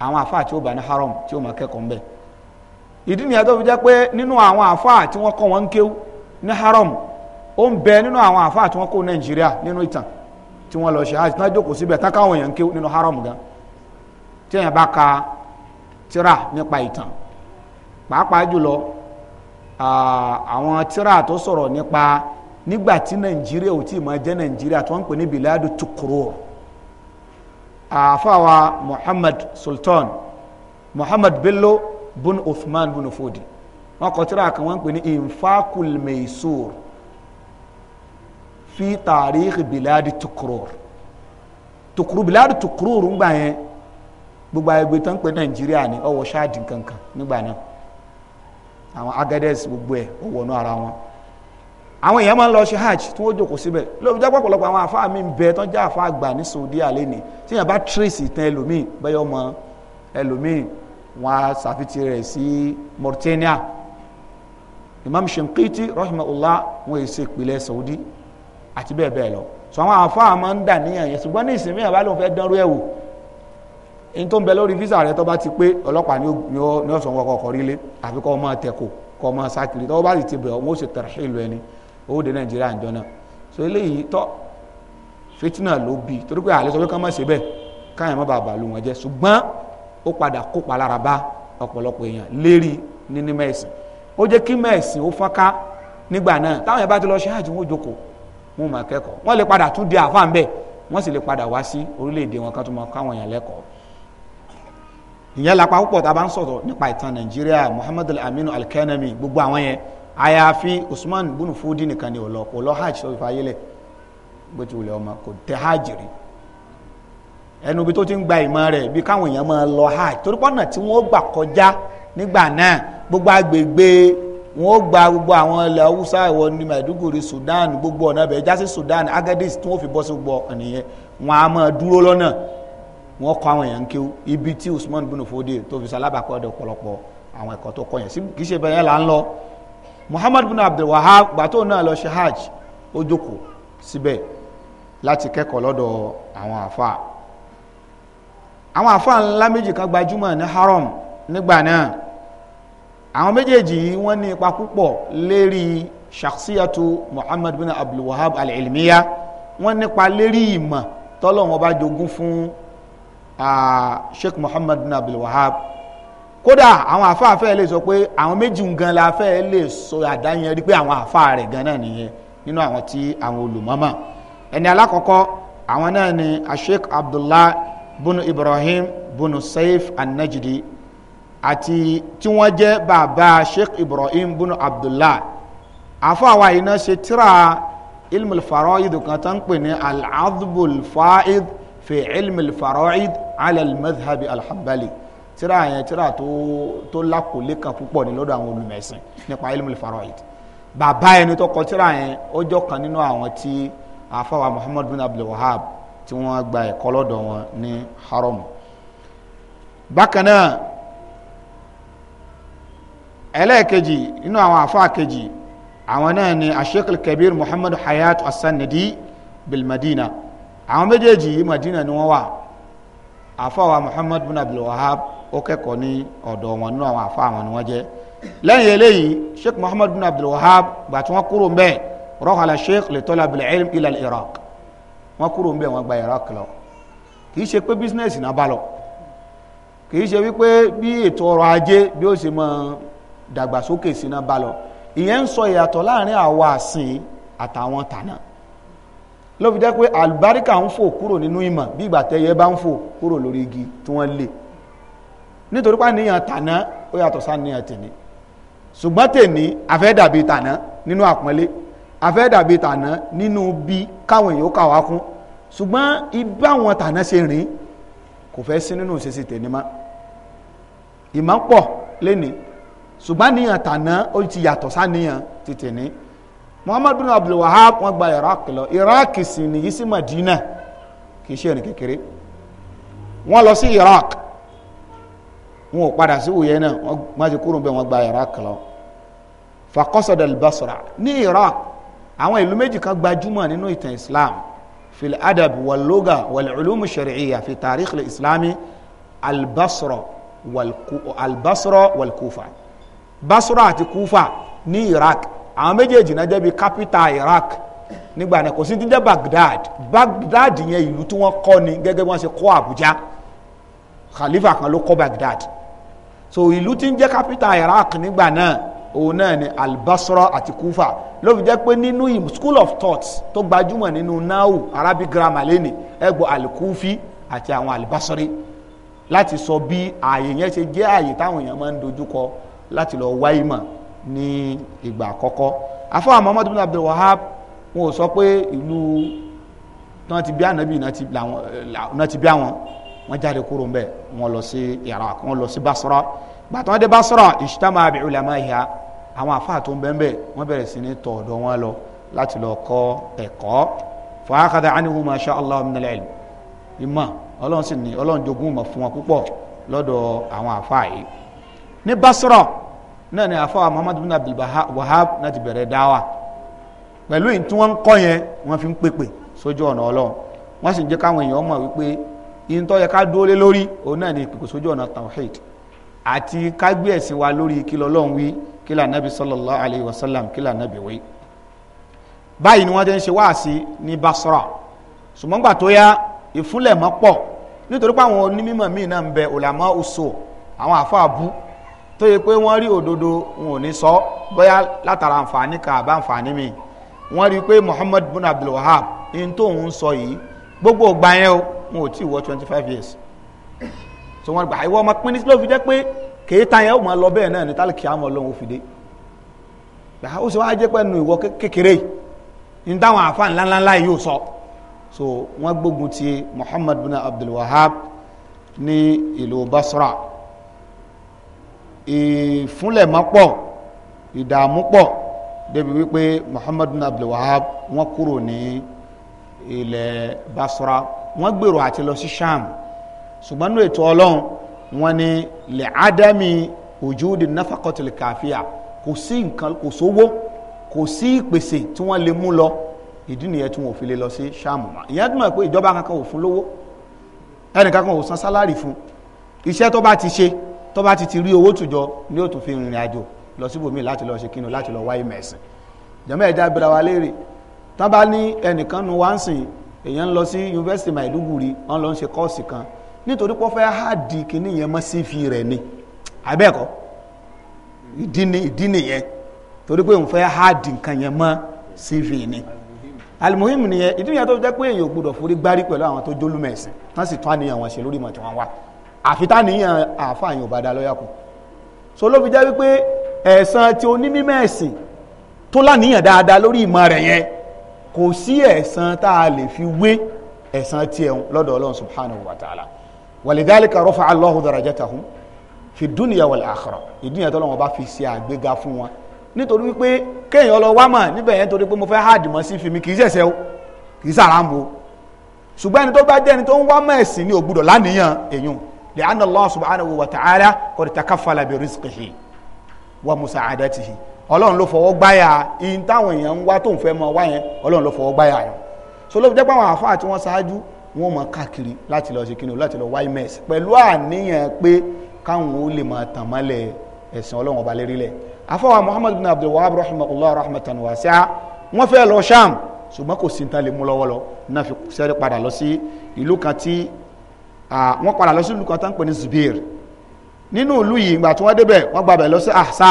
àwọn àfa ó bá ní tí ó ìdí nìyẹn tó fi jẹ́ pé nínú àwọn àfáà tí wọ́n kọ́ wọn ń kéwú ní haram ó ń bẹ nínú àwọn àfáà tí wọ́n kó nàìjíríà nínú ìtàn tí wọ́n lọ ṣe àti tán jókòó síbẹ̀ tán káwọn èèyàn ń kéwú nínú haram gan tí èèyàn bá ka tíra nípa ìtàn pàápàá jùlọ àwọn tíra tó sọ̀rọ̀ nípa nígbà tí nàìjíríà ò tí ì máa jẹ́ nàìjíríà tí wọ́n ń pè ní biladu tukuru àfáà wa muhammad sultan muhammad bello bun Uthman bun Fodi wọn kọ tírà kan wọn pè ní infakul meisur fi tarikh biladi tukurur tukuru biladi tukurur ń gbà yẹn gbogbo àgbẹ̀ tó ń pè Nàìjíríà ní ọwọ́ ṣáàdì kankan nígbà náà àwọn Agadez gbogbo ẹ̀ ó wọnú ara wọn àwọn èèyàn máa ń lọ ṣe hajj tí wọ́n jòkó síbẹ̀ lóòbí jẹ́ pọ̀pọ̀lọpọ̀ àwọn àfáà mi ń bẹ tán jẹ́ àfáà àgbà ní Saudi alẹ́ ni tí èèyàn bá trace ìtàn ẹlòmíì bẹ́ẹ̀ ọmọ ẹlòmíì wọn á ṣàfitì rẹ̀ sí Mauritania Imam Shinqiti rahimahullah wọn èsì ìpìlẹ̀ Saudi àti bẹ́ẹ̀ bẹ́ẹ̀ lọ sọ àwọn àfáà máa ń dà níyàn yẹn ṣùgbọ́n ní ìsinmi àbá ló ń fẹ́ dánrú ẹ̀ wò ní tó ń bẹ lórí visa rẹ tó bá ti pé ọlọ́pàá ni ó sọ wọn kọkọ rílé àfi kọ́ ọmọ tẹ̀kọ̀ kọ́ ọmọ sákìrì tọ́wọ́ bá sì ti bẹ̀ ọ́ wọ́n ó ṣe tẹ̀rẹ̀ ìlú ẹni ó dé Nàìjíríà ń jọ so eléyìí tọ́ fitina ló bi torí pé àlẹ́ sọ pé ká má ṣe bẹ́ẹ̀ káyàn má bàa bàlú wọn jẹ́ ṣùgbọ́n ó padà kópa lára bá ọ̀pọ̀lọpọ̀ èèyàn lérí níní mẹ́sìn ó jẹ́ kí mẹ́sìn ó fọ́nká nígbà náà táwọn yẹn bá ti lọ ṣe hajj wọn jókòó wọn máa kẹ́kọ̀ọ́ wọ́n lè padà tún di àfáà ńbẹ̀ wọ́n sì lè padà wá sí orílẹ̀-èdè wọn kan tó máa káwọn èèyàn lẹ́kọ̀ọ́ ìyẹn lápá púpọ̀ tá a bá ń sọ̀rọ̀ nípa ìtàn nàìjíríà muhammad aminu alkanami gbogbo àwọn yẹn àyàfi usman bunu nìkan ni ò lọ kò lọ hajj sọ ìfàyẹlẹ bó ti wulẹ̀ ọmọ kò tẹ hajj rí ẹnu bí tó ti ń gba ìmọ̀ rẹ̀ bí káwọn èèyàn máa lọ hajj torí pọ́nà tí wọ́n gbà kọjá nígbà náà gbogbo agbègbè wọ́n gba gbogbo àwọn ilẹ̀ haúsá ìwọ ní Maiduguri Sudan gbogbo ọ̀nà bẹ̀ẹ́ jásí Sudan Agadez tí wọ́n fi bọ́ sí gbogbo ọ̀nà yẹn wọ́n á máa dúró lọ́nà wọ́n kọ́ àwọn èèyàn kéwú ibi tí Usman bin Fode tó fi sálábàkọ́ ọ̀dọ̀ ọ̀pọ̀lọpọ̀ àwọn ẹ̀kọ́ tó kọ́ yẹn kì í ṣe bẹ́ẹ̀ là ń lọ Muhammad bin Abdul Wahab gbàtó náà lọ ṣe hajj ó jókòó síbẹ̀ láti kẹ́kọ̀ọ́ lọ́dọ̀ àwọn àfáà àwọn àfáà ńlá méjì kan gbajúmọ̀ ní haram nígbà náà àwọn méjèèjì yìí wọ́n ní ipa púpọ̀ lérí shakhsiyatu muhammad bin abdul wahab al-ilmiya wọ́n nípa lérí ìmọ̀ tọ́lọ́wọ́n bá jogún fún sheikh muhammad bin abdul wahab kódà àwọn àfáà fẹ́ lè sọ pé àwọn méjì gan la fẹ́ lè sọ àdáyẹn rí pé àwọn àfáà rẹ̀ gan náà nìyẹn nínú àwọn tí àwọn olùmọ́mọ́ ẹni alákọ̀ọ́kọ́ àwọn náà ni sheikh abdullah bunu ibrahim bunu saif an-najdi àti tí wọ́n jẹ́ bàbá sheikh ibrahim bunu abdullah àfọwà iná ṣe tíra ilmul faraid kan tó ń pè ní al-adbul fa'id fi ilmul faraid ala al-madhhabi al-hanbali tíra yẹn tíra tó tó lákòólé kan púpọ̀ ní lọ́dọ̀ àwọn olùmẹ̀sìn nípa ilmul faraid bàbá ẹni tó kọ tíra yẹn ó jọ kan nínú àwọn tí àfọwà muhammad bin abdul wahab tí wọ́n gba ẹ̀kọ́ lọ́dọ̀ wọn ní haram bákan náà ẹlẹ́ẹ̀kejì nínú àwọn àfáà kejì àwọn náà ni ashekul kabir muhammadu hayat asanidi bilmadina àwọn méjèèjì yìí madina ni wọ́n wà àfáwà muhammad bin abdul wahab ó kẹ́kọ̀ọ́ ní ọ̀dọ̀ wọn nínú àwọn àfáà wọn ni wọ́n jẹ́ lẹ́yìn eléyìí sheikh muhammad bin abdul wahab gbàtí wọ́n kúrò mbẹ́ rọ́kàlà sheikh lè tọ́lá bil ilm ila iraq wọ́n kúrò ń bẹ̀ wọ́n gba Iraq lọ kì í ṣe pé bísínẹ́sì náà bá lọ kì í ṣe wípé bí ètò ọrọ̀ ajé bí ó ṣe mọ dàgbàsókè sí náà bá lọ ìyẹn ń sọ ìyàtọ̀ láàrin àwa àsìn àtàwọn tànà ló fi jẹ́ pé àlùbáríkà ń fò kúrò nínú ìmọ̀ bí ìgbà tẹ́yẹ bá ń fò kúrò lórí igi tí wọ́n lè nítorí pé àníyàn tànà ó yàtọ̀ sáníyàn tèní ṣùgbọ́n tèní afẹ́ dàbí tànà nínú àpọ́nlé afẹ́ dàbí tàná nínú bí káwọn èèyàn kà wá kún ṣùgbọ́n ibà wọn tàná ṣe rìn kò fẹ́ sí nínú ṣe sì tẹ̀lé má ìmọ̀ pọ̀ lẹ́ni ṣùgbọ́n níyàn tàná ó ti yàtọ̀ sáníyàn ti tẹ̀lé muhammadu bin abdul wahab wọn gba iraq lọ iraq sì nìyí sí madina kì í ṣe ẹni kékeré wọn lọ sí iraq wọn ò padà sí wòye náà wọn má ti kúrò bẹ́ẹ̀ wọn gba iraq lọ fakọsọdọ albasra ní iraq àwọn ìlú méjì kan gbajúmọ̀ nínú ìtàn islam fil adab wal lugha wal ulum shar'iyya fi tarikh al islami al basra wal al basra wal kufa basra àti kufa ní iraq àwọn méjèèjì náà jẹ́ bí kápítà iraq nígbà náà kò sí ti jẹ́ baghdad baghdad yẹn ìlú tí wọ́n kọ́ ni gẹ́gẹ́ bí wọ́n ṣe kọ́ abuja khalifa kan ló kọ́ baghdad so ìlú tí ń jẹ́ kápítà iraq nígbà náà òun náà ni albasra àti kufa ló fi jẹ́ pé nínú school of thought tó gbajúmọ̀ nínú nahu arabic grammar lẹ́ni ẹgbọ́ alikufi àti àwọn albasri láti sọ bí ààyè yẹn ṣe jẹ́ ààyè táwọn èèyàn máa ń dojúkọ láti lọ wá ìmọ̀ ní ìgbà àkọ́kọ́ afọ́wọ́n muhammadu bin abdul wahab wọn ò sọ pé ìlú náà ti bí ànábì náà ti bí àwọn wọn jáde kúrò ń bẹ̀ wọn lọ sí iraq wọn lọ sí basra gbàtọ́ dé Basra ìṣítàmà bi ulamaha àwọn àfáà tó ń bẹ́ńbẹ́ wọ́n bẹ̀rẹ̀ sí ní tọ̀ ọ̀dọ̀ wọn lọ láti lọ kọ́ ẹ̀kọ́ fa akhadha anhu ma sha Allah min al-ilm ìmọ̀ ọlọ́run sì ní ọlọ́run jogún ìmọ̀ fún wọn púpọ̀ lọ́dọ̀ àwọn àfáà yìí ní Basra náà ni àfáà Muhammad bin Abdul Wahhab náà ti bẹ̀rẹ̀ dáwà pẹ̀lú ìyìn tí wọ́n kọ́ yẹn wọ́n fi ń pèpè àti kágbé ẹ̀sìn wa lórí kí lọ́lọ́run wí kí lànàbí sallallahu alayhi wa sallam kí lànàbí wí báyìí ni wọ́n ti ń ṣe wáàsí ní Basra ṣùgbọ́n gbà tó yá ìfúnlẹ̀ mọ́ pọ̀ nítorí pé àwọn onímọ̀ míì náà ń bẹ ulama uso àwọn àfáàbù tó yẹ pé wọ́n rí òdodo wọn ò ní sọ bóyá látara àǹfààní kan àbá àǹfààní mi wọ́n rí i pé Muhammad bin Abdul Wahab in tó ń sọ yìí gbogbo ìgbà yẹn o wọn ò tí ì wọ twenty five years so wọ́n gbà ìwọ ọmọ pín ní sílò fi jẹ́ pé kèéta yẹn ó mọ̀ lọ bẹ́ẹ̀ náà ní tálíkì àmọ́ ọlọ́run ó fi dé gbà ó sì wá jẹ́ pé nu ìwọ kékeré ní táwọn àfa ńláńláńlá yìí yóò sọ so wọ́n gbógun ti Muhammad bin Abdul Wahab ní ìlú Basra ìfúnlẹ̀mọ́pọ̀ ìdààmú pọ̀ débi wípé Muhammad bin Abdul Wahab wọ́n kúrò ní ilẹ̀ Basra wọ́n gbèrò àti lọ sí Sham ṣùgbọ́n nínú ètò ọlọ́run wọn ni lè ádámì ojúdi náfàkọ́tìlì kàfíà kò sí nǹkan kò sówó kò sí ìpèsè tí wọ́n lè mú lọ ìdí nìyẹn tí wọn ò fi lè lọ sí ṣáàmù mọ́ ìyẹn tó mọ̀ pé ìjọba kankan ò fún lówó ẹnìkan kan ò san sálárì fún iṣẹ́ tó bá ti ṣe tó bá ti ti rí owó tùjọ ni ó tún fi rìnrìn àjò lọ síbòmí láti lọ ṣe kínu láti lọ wáyé mẹ̀sìn jẹ́mọ́ ẹ̀dá abira wa léèrè tán bá ní ẹnìkan nu wá ń sìn èèyàn lọ sí yunifásitì Maiduguri wọ́n lọ ń ṣe kọ́ọ̀sì kan nítorí pọ́ fẹ́ háàdì kìíní yẹn mọ́ sí fi rẹ̀ ni abẹ́ẹ̀kọ́ ìdí nìyẹn torí pé òun fẹ́ háàdì nǹkan yẹn mọ́ sí fi ni alimuhim nìyẹn ìdí nìyẹn tó jẹ́ pé èèyàn gbọ́dọ̀ forí gbárí pẹ̀lú àwọn tó jólúmọ̀ ẹ̀sìn wọ́n sì tún àníyàn wọn ṣe lórí ìmọ̀ tí wọ́n wà àfi táníyàn àáfàá yóò bá dá lọ́yà kù so ló fi jẹ́ wípé ẹ̀san tí onímọ̀ ẹ̀sìn tó láníyàn dáadáa lórí ìmọ̀ rẹ̀ yẹn kò sí ẹ̀san tá a lè fi wé ẹ̀san tiẹ̀ lọ́dọ̀ ọlọ́run subhanahu wa ta'ala walidhalika rafa'a Allahu darajatahum fi dunya wal akhirah ìdúnyà tó lọ́wọ́ bá fi ṣe àgbéga fún wọn nítorí wípé kéèyàn lọ wá mà níbẹ̀ yẹn torí pé mo fẹ́ háàdì mọ́ sí fimi kì í ṣẹ̀ṣẹ̀ o kì í sàràmbo ṣùgbọ́n ẹni tó bá jẹ́ ẹni tó ń wá mọ̀ ẹ̀sìn ní ògbúdọ̀ lánìyàn èyàn li'anna Allah subhanahu wa ta'ala qad takaffala bi rizqihi wa musa'adatihi ọlọ́run ló fọwọ́ gbáyà in táwọn èèyàn ń wá tó ń fẹ́ mọ wá yẹn ọlọ́run ló fọwọ́ gbáyà yẹn so ló fi jẹ́ pé àwọn àfáà tí wọ́n ṣáájú wọ́n máa káàkiri láti lọ ṣe kíni láti lọ wáyé mẹ́ẹ̀sì pẹ̀lú àníyàn pé káwọn ó lè máa tàn mọ́lẹ̀ ẹ̀sìn ọlọ́run ọba lérí lẹ̀ afọwọ́ muhammad bin abdul wahab rahimahullah rahmatan wasi'a wọ́n fẹ́ lọ sham ṣùgbọ́n kò sí ní ta lè mú lọ́wọ́ lọ náà fi sẹ́rí padà lọ sí ìlú kan tí wọ́n padà lọ sí ìlú kan tó ń pè ní zubair nínú ìlú yìí ìgbà tí wọ́n débẹ̀ wọ́n gbàbẹ̀ lọ sí ahsa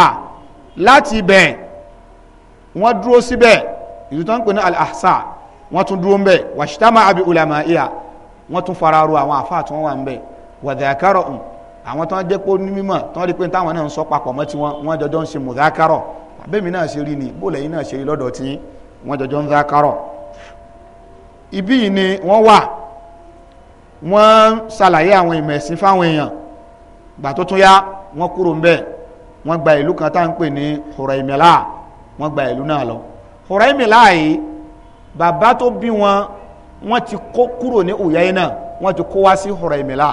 láti ibẹ̀ wọ́n dúró síbẹ̀ ìlú tó ń pè ní al ahsa wọ́n tún dúró ń bẹ̀ wàṣítàmà àbí ulama iya, wọ́n tún fararo àwọn àfa tí wọ́n wà ń bẹ̀ wàdàkárọ̀ ń àwọn tó ń jẹ́ pé ní mímọ̀ tó ń rí pé táwọn náà ń sọ papọ̀ mọ́ tiwọn wọ́n jọjọ́ ń ṣe mùdákárọ̀ àbẹ́mi náà ṣe rí ni bóòlù ẹ̀yin náà ṣe rí lọ́dọ̀ tí wọ́n jọjọ́ ń dákárọ̀ ibí yìí ni wọ́n wà wọ́n ṣàlàyé àwọn ìmẹ̀sìn fáwọn èèyàn gbà tó tún yá wọ́n kúrò ń bẹ̀ wọ́n gba ìlú kan tá ń pè ní Huraymila wọ́n gba ìlú náà lọ Huraymila yìí bàbá tó bí wọn wọ́n ti kó kúrò ní Uyayna wọ́n ti kó wá sí Huraymila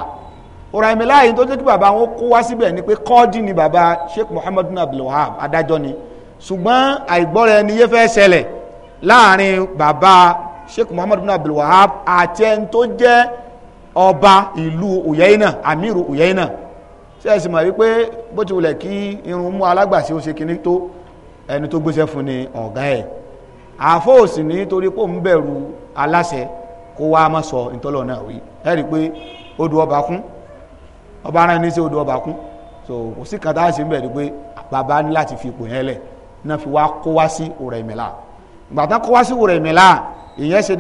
Huraymila yìí tó jẹ́ bàbá wọn kó wá síbẹ̀ ni pé kọ́ọ́dì ni bàbá Sheikh Muhammad bin Abdul Wahab adájọ́ ni ṣùgbọ́n àìgbọ́ra ẹni yé fẹ́ ṣẹlẹ̀ láàrin bàbá Sheikh Muhammad bin Abdul Wahab àti ẹni tó jẹ́ ọba ìlú Uyayna amiru Uyayna ṣe é sì mọ̀ wípé bó ti wulẹ̀ kí irun mú alágbàsí ó ṣe kinní tó ẹni tó gbéṣẹ́ fún ni ọ̀gá ẹ̀ àfọ́ òsì ní torí pò ń bẹ̀rù aláṣẹ kó wá má sọ ìtọ́lọ̀ náà wí ẹ pé odò ọba kún ọba sí odò ọba kún so kò sí kan a ṣe ń bẹ̀rù pé fi ipò yẹn lẹ̀ náà fi wá kó wá sí òrò ìmìlá gbàtà kó wá sí òrò ìmìlá ìyẹn ṣe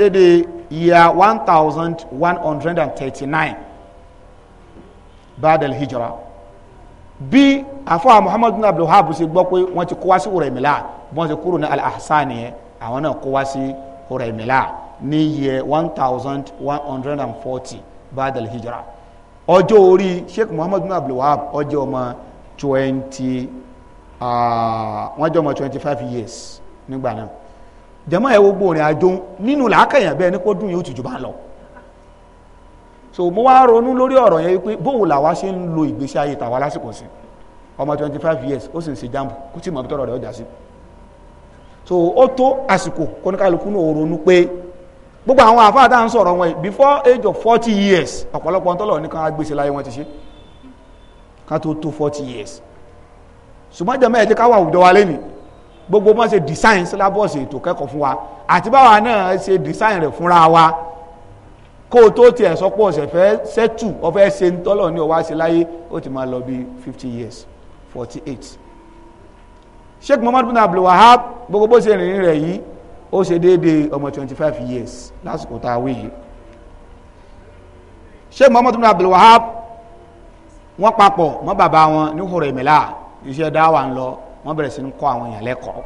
one thousand one hundred and thirty nine badal hijra bí muhammadu abdulhab ṣe gbọ́ pé wọ́n ti kó wá sí òrò ìmìlá kúrò ní àwọn náà kó wá sí Huraymila ní yẹ one thousand one hundred and forty badal hijra ọjọ́ orí Sheikh Muhammad bin Abdul Wahab ọjọ́ ọmọ twenty ah, wọ́n jọ ọmọ twenty five years nígbà náà jẹ́mọ́ ẹ̀ wo gbòòrìn àjò nínú làákàyàn bẹ́ẹ̀ ní dùn yóò tìjú bá lọ so mo wá ronú lórí ọ̀rọ̀ yẹn pé bóun làwa ṣe ń lo ìgbésí ayé tàwa lásìkò sí ọmọ twenty five years ó sì ń ṣe jambu kó tí mọ̀ bí tọ́rọ̀ rẹ̀ ọjà sí so ó tó àsìkò kóníkàlùkù náà ó ronú pé gbogbo àwọn àfáà tá ń sọ̀rọ̀ wọn before age of forty years ọ̀pọ̀lọpọ̀ tọ́lọ̀ nìkan agbèsè láyé wọn ti ṣe ká tó tó forty years ṣùgbọ́n jẹ́ mẹ́ẹ̀ẹ́dẹ́ káwọn àwùjọ wa lẹ́nìí gbogbo bọ́n ṣe design syllabus ètò kẹ́kọ̀ọ́ fún wa àti báwa náà ṣe design rẹ̀ fúnra wa kó o tó tiẹ̀ sọ pé ọ̀sẹ̀ fẹ́ ṣẹ́tù ọ̀fẹ́ ṣe tọ́lọ̀ ní ọ̀wá ṣe láyé ó ti máa lọ bí fifty years forty eight sheikh muhammad bin abdul wahab gbogbo bó ṣe rìnrìn rẹ̀ yìí ó ṣe déédéé ọmọ twenty five years lásìkò tá a wí yìí sheikh muhammad bin abdul wahab wọ́n papọ̀ mọ́ bàbá wọn ní huremila iṣẹ́ dáwà ń lọ wọ́n bẹ̀rẹ̀ sí ní kọ́ àwọn èèyàn lẹ́kọ̀ọ́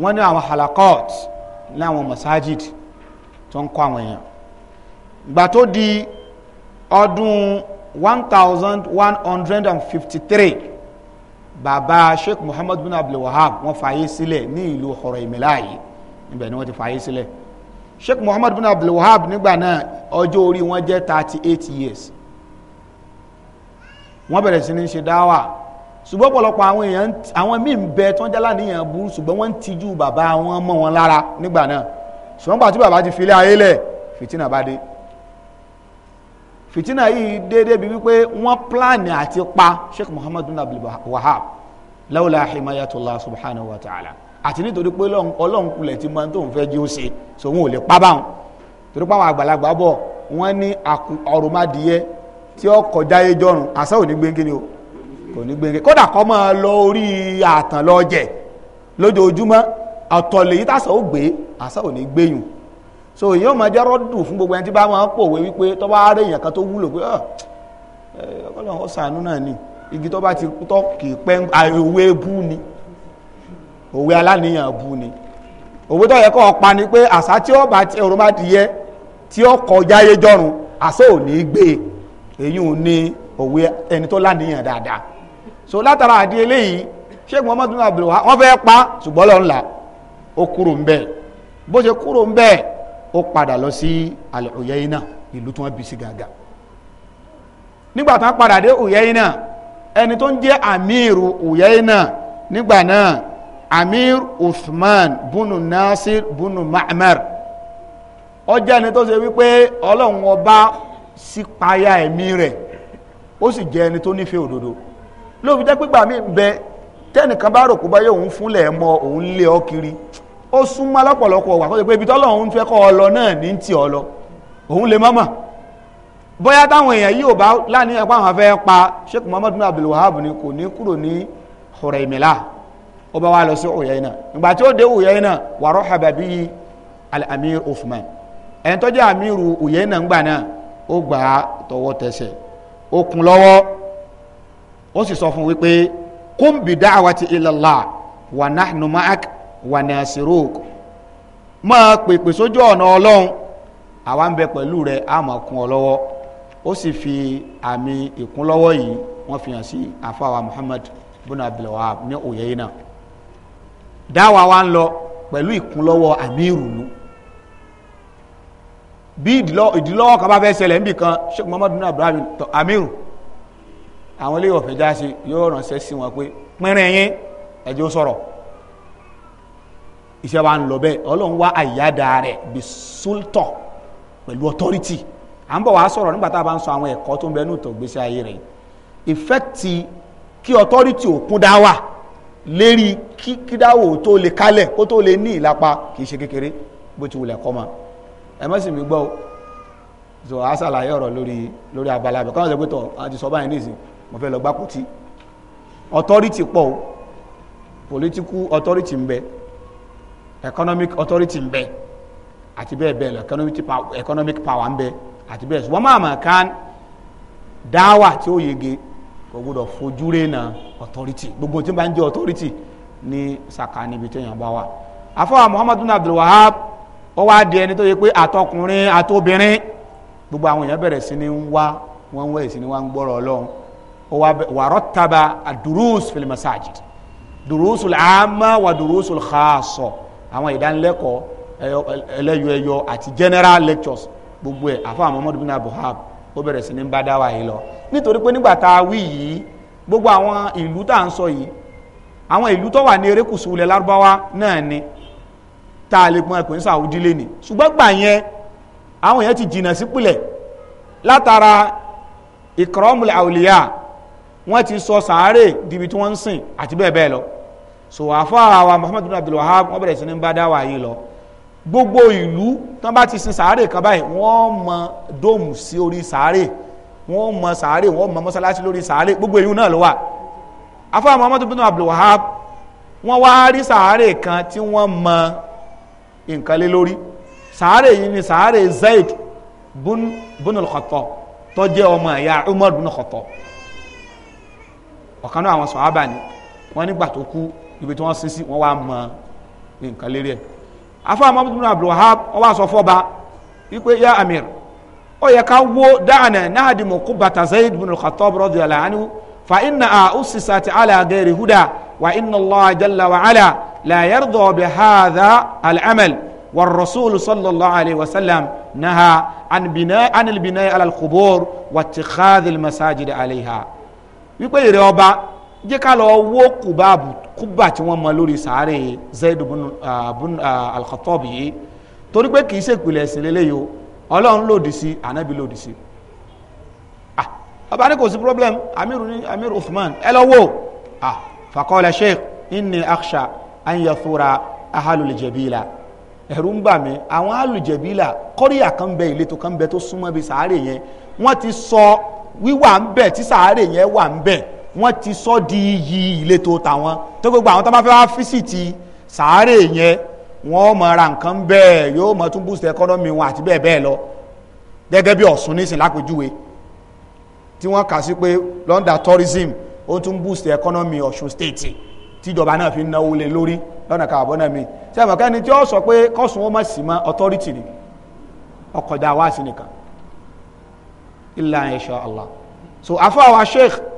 wọ́n ní àwọn halakot ní àwọn masajid tó ń kọ́ àwọn èèyàn gbà tó di ọdún one thousand one hundred and fifty three bàbá sheikh muhammad bin abdul wahab wọ́n fàyè sílẹ̀ ní ìlú ọ̀rọ̀ ìmìlá yìí níbẹ̀ ni wọ́n ti fàyè sílẹ̀ sheikh muhammad bin abdul wahab nígbà náà ọjọ́ orí wọn jẹ́ thirty eight years wọ́n bẹ̀rẹ̀ sí ní ṣe dáwà ṣùgbọ́n ọ̀pọ̀lọpọ̀ àwọn èèyàn àwọn míì ń bẹ tó ń jálá níyàn burú ṣùgbọ́n wọ́n ń tijú bàbá wọn mọ́ wọn lára nígbà náà ṣùgbọ́n pàtó bàbá ti filé ayé lẹ̀ fìtínà bá dé fìtínà yìí déédéé bi wípé wọ́n pílánì àti pa sheikh muhammad bin abdul wahab lawla himayatullah subhanahu wa ta'ala àti nítorí pé ọlọ́run kulẹ̀ ti máa ń tóun fẹ́ jí ó ṣe so wọn ò lè pa báwọn torí pé àwọn àgbàlagbà bọ̀ wọ́n ní ọ̀rùnmádìyẹ tí ó kọjá ejọ́rùn àṣà ò ní gbẹ́ngẹ́ ni o kò ní gbẹ́ngẹ́ kódà kọ́ máa lọ orí àtàn lọ lójoojúmọ́ ọ̀tọ̀ tàṣà ó gbé àṣà ò ní gbẹ́yùn so èyí ò máa jẹ́ rọ́dù fún gbogbo ẹni tí bá máa pòwe wípé tó bá rẹ̀ èèyàn kan tó wúlò pé ah, eh, ọlọ́run ó náà ni igi tó bá ti tọ́ kì í pẹ́ òwe bú ni òwe aláníyàn bú ni òwe tó yẹ kó ọpa ni pé àṣà tí ó bá ti ẹ̀rọ bá ti yẹ tí ó kọjá yé jọrùn àṣà ò ní gbé èyí ò ní òwe ẹni tó láníyàn dáadáa so látara àdí eléyìí ṣégun ọmọdún abdulwa wọn fẹ́ pa ṣùgbọ́n lọ́nla ó kúrò ń bẹ́ẹ̀ bó ṣe kúrò ń bẹ́ẹ̀ ó padà lọ sí al-Uyayna ìlú tí wọ́n bí sí gàgà nígbà tán padà dé Uyayna ẹni tó ń jẹ́ amiru Uyayna nígbà náà amir Uthman bunu Nasir bunu Ma'mar ó jẹ́ ẹni tó ṣe wípé ọlọ́run ọba sipaya ẹ̀mí rẹ̀ ó sì jẹ́ ẹni tó nífẹ̀ẹ́ òdodo lóòfin jẹ́ pípa mi bẹ tẹ́nìkan bá rò kó bá yóò ń fúnlẹ̀ mọ́ òun lé ọ kiri ó súnmọ́ lọ́pọ̀lọpọ̀ wà kọ́sọ̀ pé ibi tọ́lọ́run fẹ́ kọ́ ọ lọ náà ní ti ọ lọ òun lè mọ́mọ́ bóyá táwọn èèyàn yìí ò bá láàníyàn pé àwọn fẹ́ pa Sheikh Muhammad bin Abdul Wahab ni kò ní kúrò ní Huraymila ó bá wá lọ sí Uyayna ìgbà tí ó dé Uyayna wa rahaba bihi al-Amir Uthman ẹni tó jẹ́ amiru Uyayna ńgbà náà ó gbà á tọwọ́ tẹsẹ̀ ó kún lọ́wọ́ ó sì sọ fún wípé kum bi da'wati ila Allah wa nahnu ma'ak wanasiruk máa pèpè sójú ọ̀nà ọlọ́run àwa ń bẹ pẹ̀lú rẹ àmọ́ kún ọ fi àmì ìkúnlọ́wọ́ yìí wọ́n fi hàn sí àfáwà Muhammad bin abdulwahab ní òye náà dáwà wa ń lọ pẹ̀lú ìkúnlọ́wọ́ àmì ìrùnú bí ìdílọ́wọ́ kan kan sheikh bin tọ amiru àwọn ilé ìwọ̀fẹ́ já sí yóò ránṣẹ́ sí wọn pé pínrín iṣẹ́ wa ń lọ bẹ́ẹ̀ ọlọ́run wá àyíyáda rẹ̀ bí sultan pẹ̀lú authority à ń bọ̀ wá sọ̀rọ̀ nígbà tá a bá ń sọ àwọn ẹ̀kọ́ tó ń bẹ ní ìtọ̀gbésí ayé rẹ̀ ìfẹ́kìtì kí authority ò kún dá wà lérí kí kídáwò tó lè kálẹ̀ kó tó lè ní ìlapa kì í ṣe kékeré bó ti wulẹ̀ kọ́ ma ẹ mọ́ sì mí gbọ́ so a ṣàlàyé ọ̀rọ̀ lórí lórí abala bẹ̀ káwọn ṣe pé tọ̀ a ti sọ báyìí nísìn mo fẹ́ lọ gbá kùtì authority pọ̀ o political authority ń bẹ economic authority ń bẹ àti bẹ́ẹ̀ bẹ́ẹ̀ lọ economic power ń bẹ àti bẹ́ẹ̀ wọ́n máa máa kan dáwà tí ó yege kò gbọdọ̀ fojú na authority gbogbo tí bá ń jẹ́ authority ní sàkání ibi téèyàn bá wà. àfọwọ́ Muhammad bin Abdul Wahab ó wá di ẹni tó yẹ pé àtọkùnrin àtobìnrin gbogbo àwọn èèyàn bẹ̀rẹ̀ sí ni ń wá wọ́n ń wẹ̀ sí ni wọ́n ń gbọ́rọ̀ ọlọ́run ó wá wàrọ̀ taba adurus fil masajid durusul amma wa durusul khaaso àwọn ìdánilẹ́kọ̀ọ́ ẹlẹ́yọ ẹyọ àti general lectures gbogbo ẹ̀ àfọ Muhammad bin Abdulwahab ó bẹ̀rẹ̀ sí ní bá dáwà yìí lọ nítorí pé nígbà tá a wí yìí gbogbo àwọn ìlú tá à ń sọ yìí àwọn ìlú tó wà ní erékùsù ilẹ̀ lárúbáwá náà ni tá a lè pọn ẹ̀pẹ́ ní Saudi lé ní ṣùgbọ́n gbà yẹn àwọn èèyàn ti jìnnà sípìlẹ̀ látara ìkọ́rọ́mùlẹ̀ àwòlíyà wọ́n ti sọ sàárè dìbì tí wọ́n ń sìn àti bẹ́ẹ̀ bẹ́ẹ̀ lọ so àfáà àwa Muhammad bin Abdul Wahab wọ́n bẹ̀rẹ̀ sí ní bá dáwà yìí lọ gbogbo ìlú tán bá ti sin sàárè kan báyìí wọ́n mọ dóòmù sí orí sàárè wọ́n mọ sàárè wọ́n mọ mọ́sálásí lórí sàárè gbogbo ìlú náà ló wà àfáà Muhammad bin Abdul Wahab wọ́n wá rí sàárè kan tí wọ́n mọ nǹkan lé lórí sàárè yìí ni sàárè Zaid bin al-Khattab ọmọ ẹ̀yà Umar bin al-Khattab náà àwọn sàhábà ni wọ́n nígbà tó kú ibi tí wọ́n sin sí wọ́n wá mọ nǹkan lérí ẹ̀ afa mahmud bin abdul wahab wọ́n wá sọ fọ́ba wípé yá amir ó yẹ ká wó dáhànà náàdìmọ̀ kú bàtà zayid bin al-khattab radiyallahu anhu fa inna a usisati ala gairi huda wa inna allah jalla wa ala la yardo bi hadha wa rasul sallallahu alaihi wa sallam naha an bina an al wa ittikhadhi al-masajid alaiha wípé ìrẹ ọba jẹ́ ká lọ wó kùbáàbù kùbà tí wọ́n mọ lórí sàárè Zaid bin ah, ah, al-Khattab yìí torí pé kì í ṣe ìpìlẹ̀ ẹ̀sìn lélẹ́yìí o ọlọ́run lòdì sí ànábì lòdì sí ah bàbá ní kò sí problem amiru ní amiru Uthman ẹ lọ wò ah faqala inni aksha an yathura ahalul ń bà mí àwọn alùjẹ̀bílà kọ́ríyà kan bẹ ìletò kan bẹ tó súnmọ́ bí sàárè yẹn wọ́n ti sọ wíwà ń bẹ tí sàárè yẹn wà ń bẹ wọ́n ti sọ di iyì ìletò tàwọn tó gbogbo àwọn tó bá fẹ́ wá físìtì sàárè yẹn wọ́n mọ ra nǹkan bẹ́ẹ̀ yóò mọ tún boost economy wọn àti bẹ́ẹ̀ bẹ́ẹ̀ lọ gẹ́gẹ́ bí Ọ̀ṣun nísìn lápèjúwe tí wọ́n kà sí pé London tourism ó tún boost economy Ọ̀ṣun state tíjọba náà fi náwó lé lórí lọ́nà kàwọ́ náà mi sẹ́wọ̀n kẹ́ni tí ó sọ pé kọ́sùn ó mọ̀ sí mọ́ authority ni ọkọ̀dá wa sí nìkan illa insha Allah so afọ àwa sheikh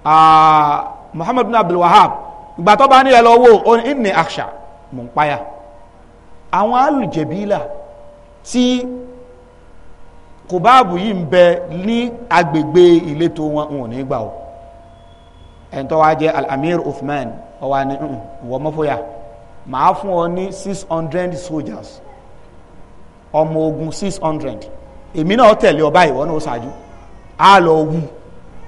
Ah, Muhammad bin Abdul Wahab ìgbà tó bá nílẹ̀ lọ́wọ́ ó ní ìní àṣà mò ń páyà àwọn alùjẹ̀bílà tí kò báàbù yìí ń bẹ ní agbègbè ìletò wọn wọn ní gbà ó ẹni tó wá jẹ́ al-amir Uthman ó wá ní wọ́n mọ́fóyà màá fún ọ ní six hundred soldiers ọmọ ogun six hundred èmi náà tẹ̀lé ọba ìwọ náà ṣáájú á lọ wú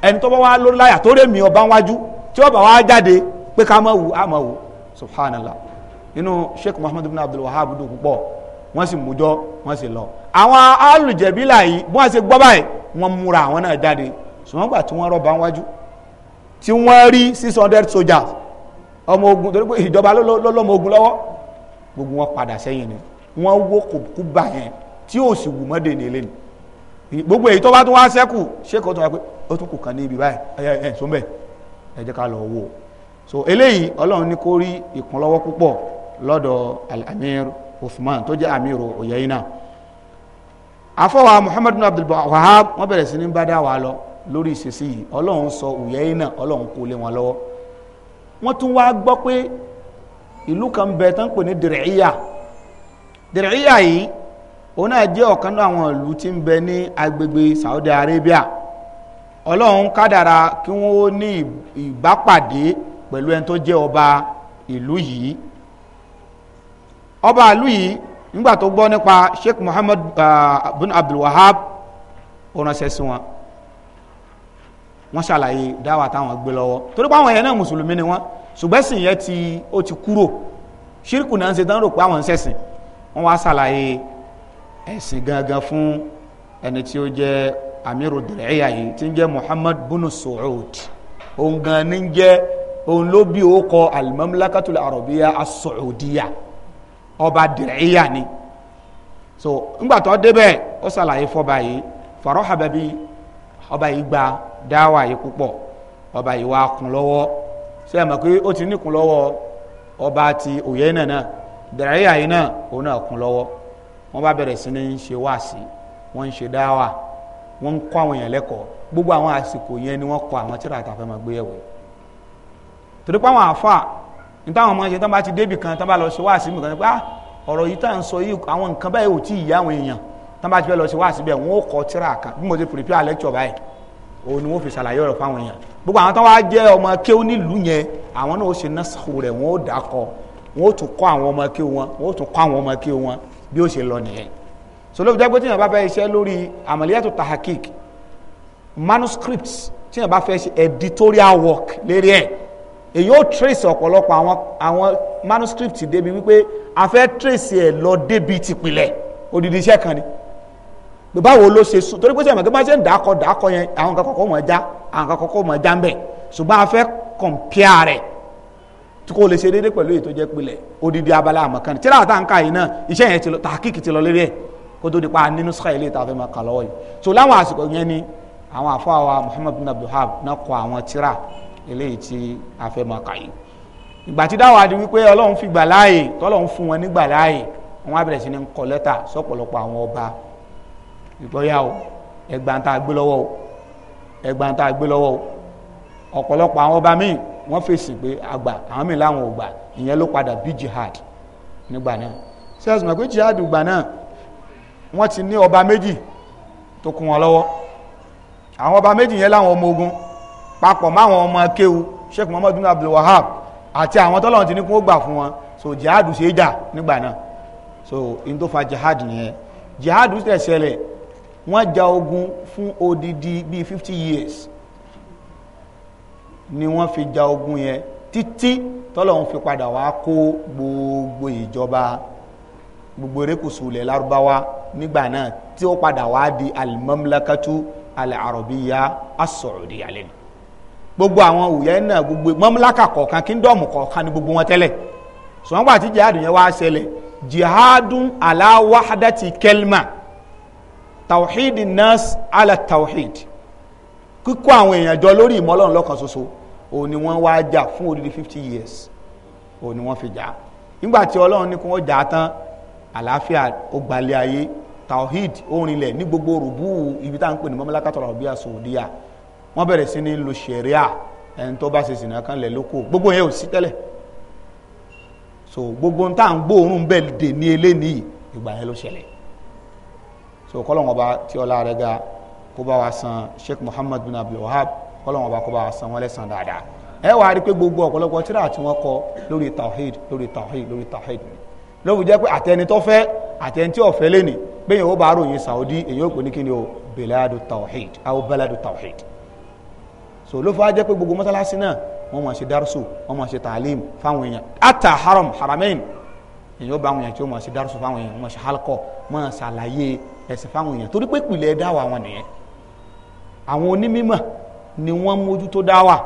ẹni tó bá wá lórí láyà tó rẹ̀ mí ọba wájú tí ọba wá jáde pé ká mọ̀ wò á mọ̀ wò subhanallah inú sheikh muhammad ibn abdul wahab dùn púpọ̀ wọ́n sì mújọ́ wọ́n sì lọ. àwọn alùjẹ̀bílà yìí bí wọ́n ṣe gbọ́ báyìí wọ́n múra àwọn náà jáde ṣùgbọ́n gbà tí wọ́n rọ̀ bá wájú tí wọ́n rí six hundred soldiers ọmọ ogun torí pé ìjọba lọ́lọ́mọ ogun lọ́wọ́ gbogbo wọn padà sẹ́yìn ni wọ́n wó kùbà yẹn tí ò sì wù mọ́dé ní eléyìí gbogbo èyí tó bá tún wá sẹ́kù ṣé kò tún wá pé ó tún kù kan ní ibi báyìí ẹ ká lọ wò so eléyìí ọlọ́run ní kó rí ìkúnlọ́wọ́ púpọ̀ lọ́dọ̀ al-amir Uthman tó jẹ́ amiru Uyayna afọwà Muhammadu bin Abdul Wahhab wọ́n bẹ̀rẹ̀ sí ní bá dá wa lọ lórí ìṣesí yìí ọlọ́run sọ Uyayna ọlọ́run kó lé wọn lọ́wọ́ wọ́n tún wá gbọ́ pé ìlú kan bẹ̀ tán pè ní Dir'iyya Dir'iyya yìí òun náà jẹ́ ọ̀kan náà àwọn ìlú tí ń bẹ ní agbègbè Saudi Arabia ọlọ́run kádàrà kí wọ́n ní ìbápàdé pẹ̀lú ẹni tó jẹ́ ọba ìlú yìí ọba ìlú yìí nígbà tó gbọ́ nípa Sheikh Muhammad uh, bin Abdul Wahab ọ̀ránṣẹ́ sí wọn wọ́n ṣàlàyé dáwà táwọn gbé lọ́wọ́ torí pé àwọn ẹ̀yẹ náà mùsùlùmí ni wọ́n ṣùgbẹ́sìn yẹn ti ó ti kúrò ṣírkù náà ń ṣe tán pé àwọn ń ṣẹ̀sìn wọ́n wá ṣàlàyé ẹ̀sìn gangan fún ẹni tí ó jẹ́ amiru dìrẹ́yà yìí tí ń jẹ́ muhammad bunu saud òun gan ni ń jẹ́ òun ló bí ó kọ alimamlakatul arabiya asaudiya ọba dìrẹ́yà ni so ńgbà débẹ̀ ó ṣàlàyé fọba yìí hababi ọba yìí gba dáwà yìí púpọ̀ ọba yìí wá kún lọ́wọ́ ṣé ẹ mọ̀ pé ó ti ní ọba ti òye náà náà dìrẹ́yà yìí náà òun náà kún lọ́wọ́ wọ́n bá bẹ̀rẹ̀ sí ní ṣe wáàsí wọ́n ń ṣe dáwà wọ́n ń kọ́ àwọn èèyàn lẹ́kọ̀ọ́ gbogbo àwọn àsìkò yẹn ni wọ́n kọ àwọn tíra àtàfẹ́ máa gbé ẹ̀wẹ̀ torí pé àwọn àfa ní táwọn ọmọ ṣe tán bá ti débì kan tán bá lọ ṣe wáàsí mi kan pé ah ọ̀rọ̀ yìí tá à ń sọ yìí àwọn nǹkan báyìí ò tí ì yá àwọn èèyàn tán bá ti fẹ́ lọ ṣe wáàsí bẹ́ẹ̀ wọ́n ó kọ tíra kan bí mo ti prepare lecture báyìí òun ni wọ́n fi ṣàlàyé ọ̀rọ̀ fáwọn èèyàn gbogbo àwọn tán wá jẹ́ ọmọ kéwú nílùú yẹn àwọn náà ó ṣe násàkó rẹ̀ wọ́n ó dà kọ wọ́n ó tún kọ́ àwọn ọmọ kéwú wọn wọ́n ó tún kọ́ àwọn ọmọ kéwú wọn bí ó ṣe lọ nìyẹn so lóbi jẹ́gbé tíyàn bá fẹ́ iṣẹ́ lórí àmàlíyàtò tahakik manuscripts tíyàn bá fẹ́ ṣe editorial work lérí ẹ̀ èyí ó trace ọ̀pọ̀lọpọ̀ àwọn àwọn manuscripts débi wípé a fẹ́ trace ẹ̀ lọ débi tìpìlẹ̀ odidi iṣẹ́ kan ni pé báwo ló ṣe sùn torí pé sẹ́yìn mọ̀gbẹ́ bá ṣe ń dàkọ̀ dàkọ̀ yẹn àwọn kan kọ̀ọ̀kan mọ̀ já àwọn kan kọ̀ọ̀kan mọ̀ já ń bẹ̀ ṣùgbọ́n a fẹ́ compare rẹ̀ tí kò lè ṣe déédéé pẹ̀lú èyí tó jẹ́ pilẹ̀ odidi abala àmọ̀kan tíra àtà ń ka yìí náà iṣẹ́ yẹn ti lọ tàkìkì ti lọ lérí ẹ̀ kó tó di pa nínú sọ́kà ilé ìtàfẹ́ máa kà lọ́wọ́ yìí so láwọn àsìkò yẹn ni àwọn àfọwà Muhammad bin abdulhab náà kọ àwọn tíra eléyìí tí a fẹ́ máa kà yìí ìgbà tí dáwà di wípé ọlọ́run fi gbà láàyè tọ́lọ́run fún wọn nígbà láàyè wọn á bẹ̀rẹ̀ sí ní kọ lẹ́tà sọ́pọ̀lọpọ̀ àwọn ọba ìgbọ́yà o ẹgbàntà ọ̀pọ̀lọpọ̀ àwọn ọba míì wọ́n fèsì pé àgbà àwọn míì láwọn ò ìyẹn ló padà bí jihad nígbà náà sẹ́yìn mọ̀ pé jihad ìgbà náà wọ́n ti ní ọba méjì tó kún wọn lọ́wọ́ àwọn ọba méjì yẹn láwọn ọmọ ogun papọ̀ máwọn ọmọ akéwu sheikh muhammadu abdul wahab àti àwọn tọ́lọ́run ti ní kún ó gbà fún wọn so jihad ṣe é jà nígbà náà so in tó fa jihad nìyẹn jihad tẹ̀ ṣẹlẹ̀ wọ́n ja ogun fún odidi bíi fifty years ni wọ́n fi ja ogun yẹn títí tọ́lọ́hun fi padà wá kó gbogbo ìjọba gbogbo erékùsù ilẹ̀ lárúbáwá nígbà náà tí ó padà wá di alimamlakatu alarabiya asọ̀rọ̀dìyà lẹ́nu gbogbo àwọn òyà náà gbogbo mamlaka kọ̀ọ̀kan kíndọ̀mù kọ̀ọ̀kan ni gbogbo wọn tẹ́lẹ̀ ṣùgbọ́n gbà tí jihad yẹn wá ṣẹlẹ̀ jihadun ala wahdati kelma tawhid nas ala tawhid kíkó àwọn èèyàn jọ lórí ìmọ̀ Ọlọ́run ṣoṣo òun ni wọ́n wá jà fún odidi fifty years òun ni wọ́n fi jà nígbà tí ọlọ́run ní kí wọ́n jà tán àlàáfíà ó gbalẹ̀ ayé tawhid orinlẹ̀ ní gbogbo rògbò ibi tá à ń pè ní mọ́mọ́lákàtọ̀ àbíyà sòdíà wọ́n bẹ̀rẹ̀ sí ní lo sẹ̀ríà ẹni tó bá ṣe sìnà kan lẹ̀ lóko gbogbo yẹn ò sí tẹ́lẹ̀ so gbogbo tá à ń gbóòórùn bẹ́ẹ̀ dè ní eléyìí ìgbà yẹn ló ṣẹlẹ̀ so kọ́lọ́wọ́n ọba tí ọlá rẹ̀ ga kó bá wa san Sheikh Muhammad bin Abdul Wahab kọ́lọ́wọ́n ọba kó bá san wọ́n lẹ́san dáadáa ẹ wà á rí pé gbogbo ọ̀pọ̀lọpọ̀ tíra tí wọ́n kọ lórí tawhid lórí tawhid lórí tawhid ni lóbi jẹ́ pé àtẹni tó fẹ́ àtẹni tí ò fẹ́ lẹ́ni bẹ́yìn ó bá ròyìn Saudi èyí ò pè ní kí ni o biladu tawhid àwọn biladu tawhid so ló fà á jẹ́ pé gbogbo mọ́sálásí náà wọ́n máa ṣe dárúsù wọ́n máa ṣe tààlim fáwọn èèyàn ata haram haramain èèyàn bá àwọn èèyàn tí ó máa ṣe dárúsù fáwọn èèyàn wọ́n máa ṣe halkọ máa ṣàlàyé ẹ̀sìn fáwọn èèyàn torí pé ìpìlẹ̀ dáwà wọn nìyẹn àwọn onímọ̀ ni wọ́n mójútó dáwà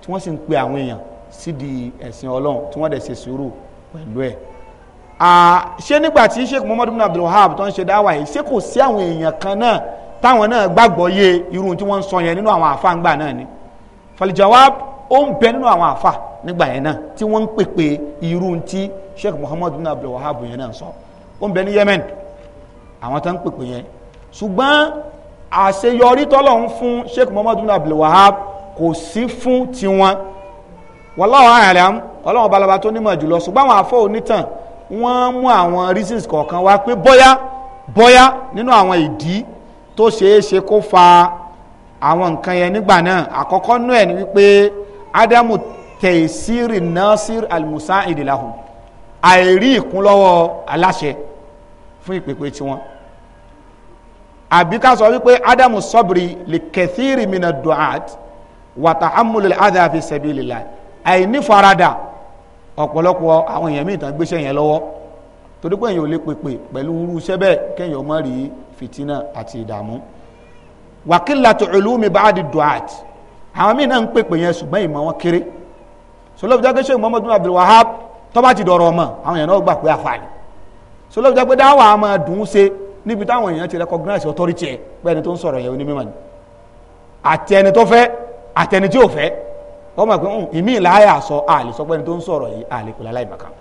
tí wọ́n sì ń pe àwọn èèyàn sídìí ẹ̀sìn ọlọ́run tí wọ́n dẹ̀ ṣe sùúrù pẹ̀lú ẹ̀ ṣé nígbà tí sheikh muhammadu bin abdul wahab tó ń ṣe dáwà yìí ṣé kò sí àwọn èèyàn kan náà táwọn náà gbàgbọ́ yé irú tí wọ́n ń sọ yẹn nínú àwọn àfa ńgbà náà ni falijawab ó ń bẹ nínú àwọn àfa nígbà yẹn náà tí wọ́n ń pèpè irú tí sheikh muhammadu bin abdul wahab yẹn náà sọ ó ń bẹ ní yemen àwọn tó ń pèpè yẹn ṣùgbọ́n àṣeyọrí tọ́lọ́hún fún Sheikh Muhammad bin Abdul Wahab kò sí fún tiwọn wallahu a'lam ọlọ́wọ́n balaba tó nímọ̀ jùlọ ṣùgbọ́n àwọn afọ onítàn wọ́n mú àwọn reasons kọ̀ọ̀kan wá pé bóyá bóyá nínú àwọn ìdí tó ṣeé ṣe kó fa àwọn nǹkan yẹn nígbà náà àkọ́kọ́ nú ẹ̀ ni wípé ádámù tẹ̀sírì násírì almusa ìdìláhùn àìrí ìkúnlọ́wọ́ aláṣẹ fún ìpèpè tiwọn àbí ká sọ wípé ádámù sọ́bìrì lè kẹ̀síìrì mi náà du'at wàtà amúlẹ̀ adha fi sabilillah àìní farada ọ̀pọ̀lọpọ̀ àwọn èèyàn mìíràn gbéṣẹ́ yẹn lọ́wọ́ torí pé èèyàn ò lè pèpè pẹ̀lú irú iṣẹ́ bẹ́ẹ̀ kéèyàn má rí fìtínà àti ìdààmú wàkílàtò ulumi ba'di du'at àwọn mìíràn ń pèpè yẹn ṣùgbọ́n ìmọ̀ wọn kéré sọlọ́bù jẹ́ kéṣe níbi táwọn èèyàn ti recognize authority ẹ̀ bẹ́ẹ̀ ni tó ń sọ̀rọ̀ yẹn onímọ̀ ni àti ẹni tó fẹ́ àti ẹni tí ò fẹ́ wọ́n mọ̀ pé hmm, ìmí ìláyà sọ àlè sọ pé ẹni tó ń sọ̀rọ̀ yìí àlè pẹ̀lú aláìmọ̀kan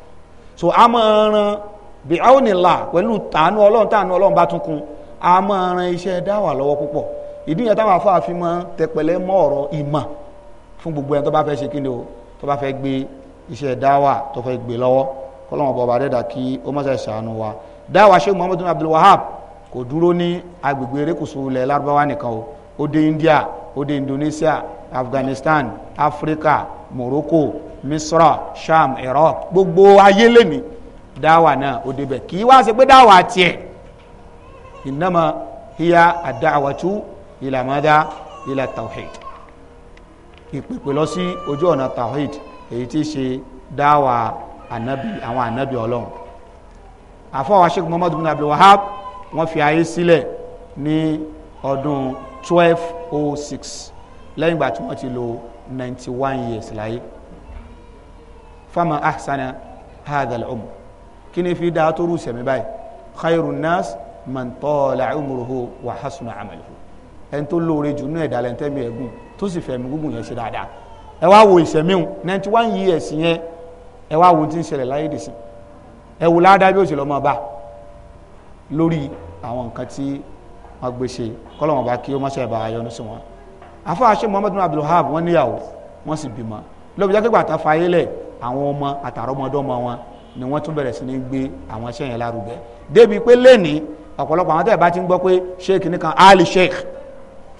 so a máa ran bí a ó ní là pẹ̀lú tàánú ọlọ́run tàánú ọlọ́run bá tún kún a máa ran iṣẹ́ dáwà lọ́wọ́ púpọ̀ ìdí yẹn táwọn afáà fi máa tẹpẹlẹ mọ́ ọ̀rọ̀ ìmọ̀ fún gbogbo ẹni tó bá fẹ́ ṣe kí o tó bá fẹ́ gbé iṣẹ́ dáwà tó fẹ́ gbé lọ́wọ́ kọ́lọ́mọ̀bọ̀ bá dẹ́dà kí ó mọ̀ ṣàánú wa dáwà sheikh muhammad bin abdul wahab kò dúró ní agbègbè erékùsù ilẹ̀ lárúbáwá nìkan o ó dé india ó dé indonesia afghanistan africa morocco misra sham iraq gbogbo ayé lẹ́ni dáwà náà ó débẹ̀ kì í wá ṣe pé dáwà tiẹ̀ innama hiya ad-da'watu ila tawhid ìpèpè lọ sí ojú ọ̀nà tawhid èyí tí í ṣe dáwà àwọn ànábì ọlọ́run àfọwọ́ sheikh muhammadu bin abdul wahab wọ́n fi ayé sílẹ̀ ní ọdún twelve oh six lẹ́yìn ìgbà tí wọ́n ti lo ninety one years láyé fama ahsana hadal umr kí ni fi dáa tó rú sẹ̀mí báyìí khayrun nas man tọ́ọ̀lá umuruhu wa hasuna amaluhu ẹni tó lóore jù nínú ẹ̀dá lẹ́ntẹ́mi ẹ̀gùn tó sì fẹ̀mí gúngùn yẹn ṣe dáadáa ẹ wá wo ìsẹ̀mí ninety years yẹn ẹ wá wo ti ń ṣẹlẹ̀ láyé dèsí ẹwù ládàá bí ó sì lọ mọ bá lórí àwọn nǹkan tí wọn gbé ṣe kọlọmọ bá kí ó má ṣe bá yọnu sí wọn àfáà ṣe muhammadu abdulhab wọn níyàwó wọn sì bímọ lọ́bìjà pé gbàtà fayé lẹ̀ àwọn ọmọ àtàrọmọdọ́mọ wọn ni wọ́n tún bẹ̀rẹ̀ sí ní gbé àwọn iṣẹ́ yẹn lárugẹ débi pé lẹ́ni ọ̀pọ̀lọpọ̀ àwọn tẹ̀ bá ti ń gbọ́ pé sheikh nìkan ali sheikh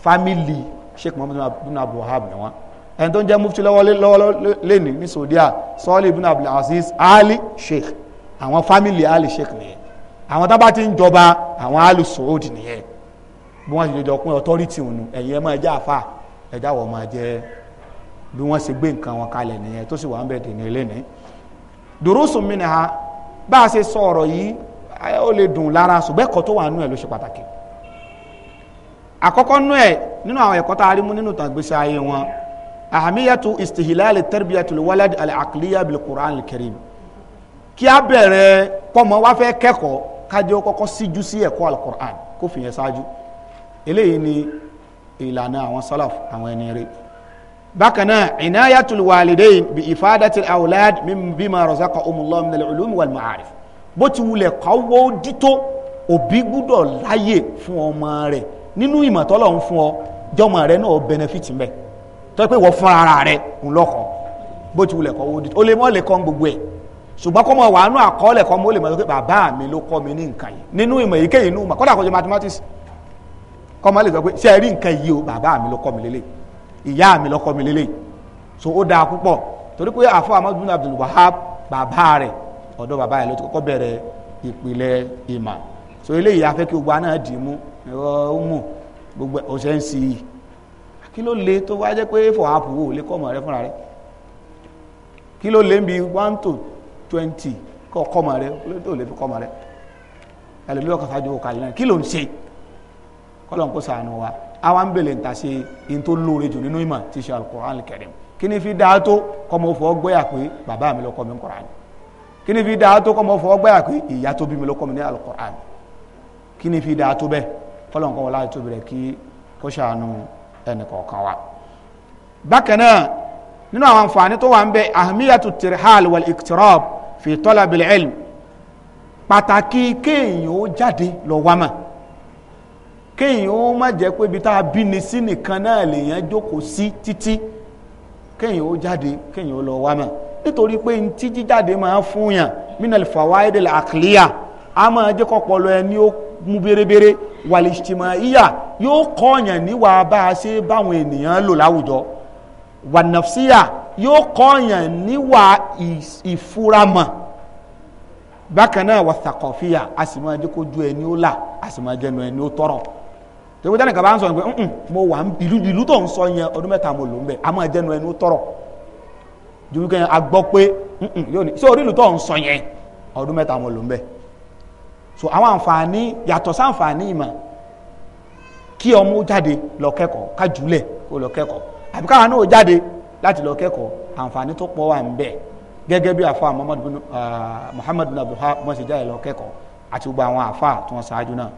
family sheikh muhammadu bin abdulhab ni wọn ẹni tó ń jẹ́ mufti lọ́wọ́ lẹ́ni ní saudiya sọ́ọ́lì bin abdulaziz ali sheikh àwọn fámìlì ali sheikh nìyẹn àwọn tábà ti ń jọba àwọn ali saudi nìyẹn bí wọ́n ti jọ pín authority ònu ẹ̀yin ẹ máa jẹ́ àfa ẹ̀dá wọ̀ máa jẹ́ bí wọ́n ṣe gbé nǹkan wọn kalẹ̀ nìyẹn tó sì wà ń bẹ̀ dènà eléni durusun minha bá a ṣe sọ ọ̀rọ̀ yìí ó lè dùn lára ṣùgbọ́n ẹ̀kọ́ tó wà nú ẹ̀ ló ṣe pàtàkì àkọ́kọ́ nú ẹ̀ nínú àwọn ẹ̀kọ́ tá a rí mú nínú ìtàn ayé wọn ahamiyatu istihilali tarbiyatu walad al-aqliya bil-Qur'an al-Karim kí a bẹ̀rẹ̀ pọ́mọ wá fẹ́ kẹ́kọ̀ọ́ kájọ́ kọ́kọ́ síjú sí ẹ̀kọ́ alukur'an kó fìyẹn ṣáájú eléyìí ni ìlànà àwọn salaf àwọn ẹni rẹ̀ bákan náà inayatul walidayn bi ifadatil awlad bima razaqahumullahu minal ulum wal ma'arif bó ti wulẹ̀ kọ́wọ́ dító òbí gbúdọ̀ láyè fún ọmọ rẹ̀ nínú ìmọ̀ t'Ọlọ́run fún ọ jọmọ rẹ̀ náà benefit mbẹ̀ tọ́ pé wọ́n fún ara rẹ̀ ńlọ́kọ̀ọ́ bó ti wulẹ̀ kọ́wọ́ dító ó lè mọ́ lè kọ́ gbogbo ẹ̀ ṣùgbọ́n kọ́ mọ̀ wà nú àkọọ́lẹ̀ kan mo lè mọ̀ sọ pé bàbá mi ló kọ́ mi ní nǹkan yìí nínú ìmọ̀ èyíkéyìí nínú ìmọ̀ kọ́dà kó ṣe mathematics kọ́ mọ̀ lè sọ pé ṣé ẹ rí nǹkan yìí o bàbá mi ló kọ́ mi lélẹ̀ ìyá mi ló kọ́ mi lélẹ̀ so ó dáa púpọ̀ torí pé àfọ Ahmad Abdul Wahab bàbá rẹ̀ ọ̀dọ̀ bàbá rẹ̀ ló ti kọ́kọ́ bẹ̀rẹ̀ ìpìlẹ̀ ìmọ̀ so eléyìí afẹ́ kí gbogbo aná dì í mú ẹ̀rọ ó mú gbogbo ọ̀sẹ̀ ń sí i kí ló le tó wá jẹ́ pé twenty kọ́ kọ́mọ rẹ olóòtú ò lè fi kọ́mọ rẹ ẹlòmí ọkọ̀ fàájú òkà yìí náà kí ló ń ṣe kọ́lọ̀ ń kó sànù wa àwa ń bèlè níta ṣe in tó lóore jù nínú ìmọ̀ tí ṣe alukoran kẹrin kí ni fi dáa tó kọ́mọ fọ́ gbọ́yà pé bàbá mi ló kọ́ mi kọ́ran kí ni fi dáa tó kọ́mọ fọ́ gbọ́yà pé ìyá tó bí mi ló kọ́ mi ní alukoran kí ni fi dáa tó bẹ́ẹ̀ kọ́lọ̀ kọ́ wọlé àti tóbi rẹ̀ kí kó sànù ẹnì kọ̀ọ̀kan wa bákan náà nínú àwọn àǹfààní tó wà ń bẹ ahmiyatu tirhal wal iktirab fi talabil ilm pàtàkì kéèyàn ó jáde lọ wá mà kéèyàn ó má jẹ́ pé ibi tá a bí ni sí nìkan náà lèèyàn jókòó sí títí kéèyàn ó jáde kéèyàn ó lọ wá mà nítorí pé n tí jíjáde máa fún yàn minal fawaidil aqliya a máa jẹ́ kọ́pọ̀lọ ẹni ó mú bérebére wal-ijtimaiya yóò kọ́ ọ̀yàn níwà bá a ṣe báwọn ènìyàn lò láwùjọ wà yóò kọ́ọ̀yàn níwà ìfuramọ̀ bákan náà wà sàkọ̀fíà a sì máa jẹ́ kó ju ẹni ó là a sì máa jẹnu ẹni ó tọrọ tẹ́gbẹ́ tẹ́lẹ̀ kaba ń sọ pé ǹǹ mo wà ìlú ìlú tó ń sọ yẹn ọdún mẹ́ta mo lò ń bẹ̀ a máa jẹnu ẹni ó tọrọ ju wípé a gbọ́ pé yóò ní sí orí tó ń sọ yẹn ọdún mẹ́ta mo lò ń bẹ̀ so àwọn àǹfààní yàtọ̀ sáǹfààní ìmọ̀ kí ọmọ jáde lọ kẹ́kọ̀ọ́ kájúlẹ̀ kó lọ kẹ́kọ̀ọ́ àbíkáwọn náà jáde láti lọ kẹ́kọ̀ọ́ àǹfààní tó pọ̀ wà ń bẹ gẹ́gẹ́ bí àfa muhammad bin ah, abdulha wọ́n ṣe jáde lọ kẹ́kọ̀ọ́ àti gbogbo àwọn àfa tí wọ́n ṣáájú náà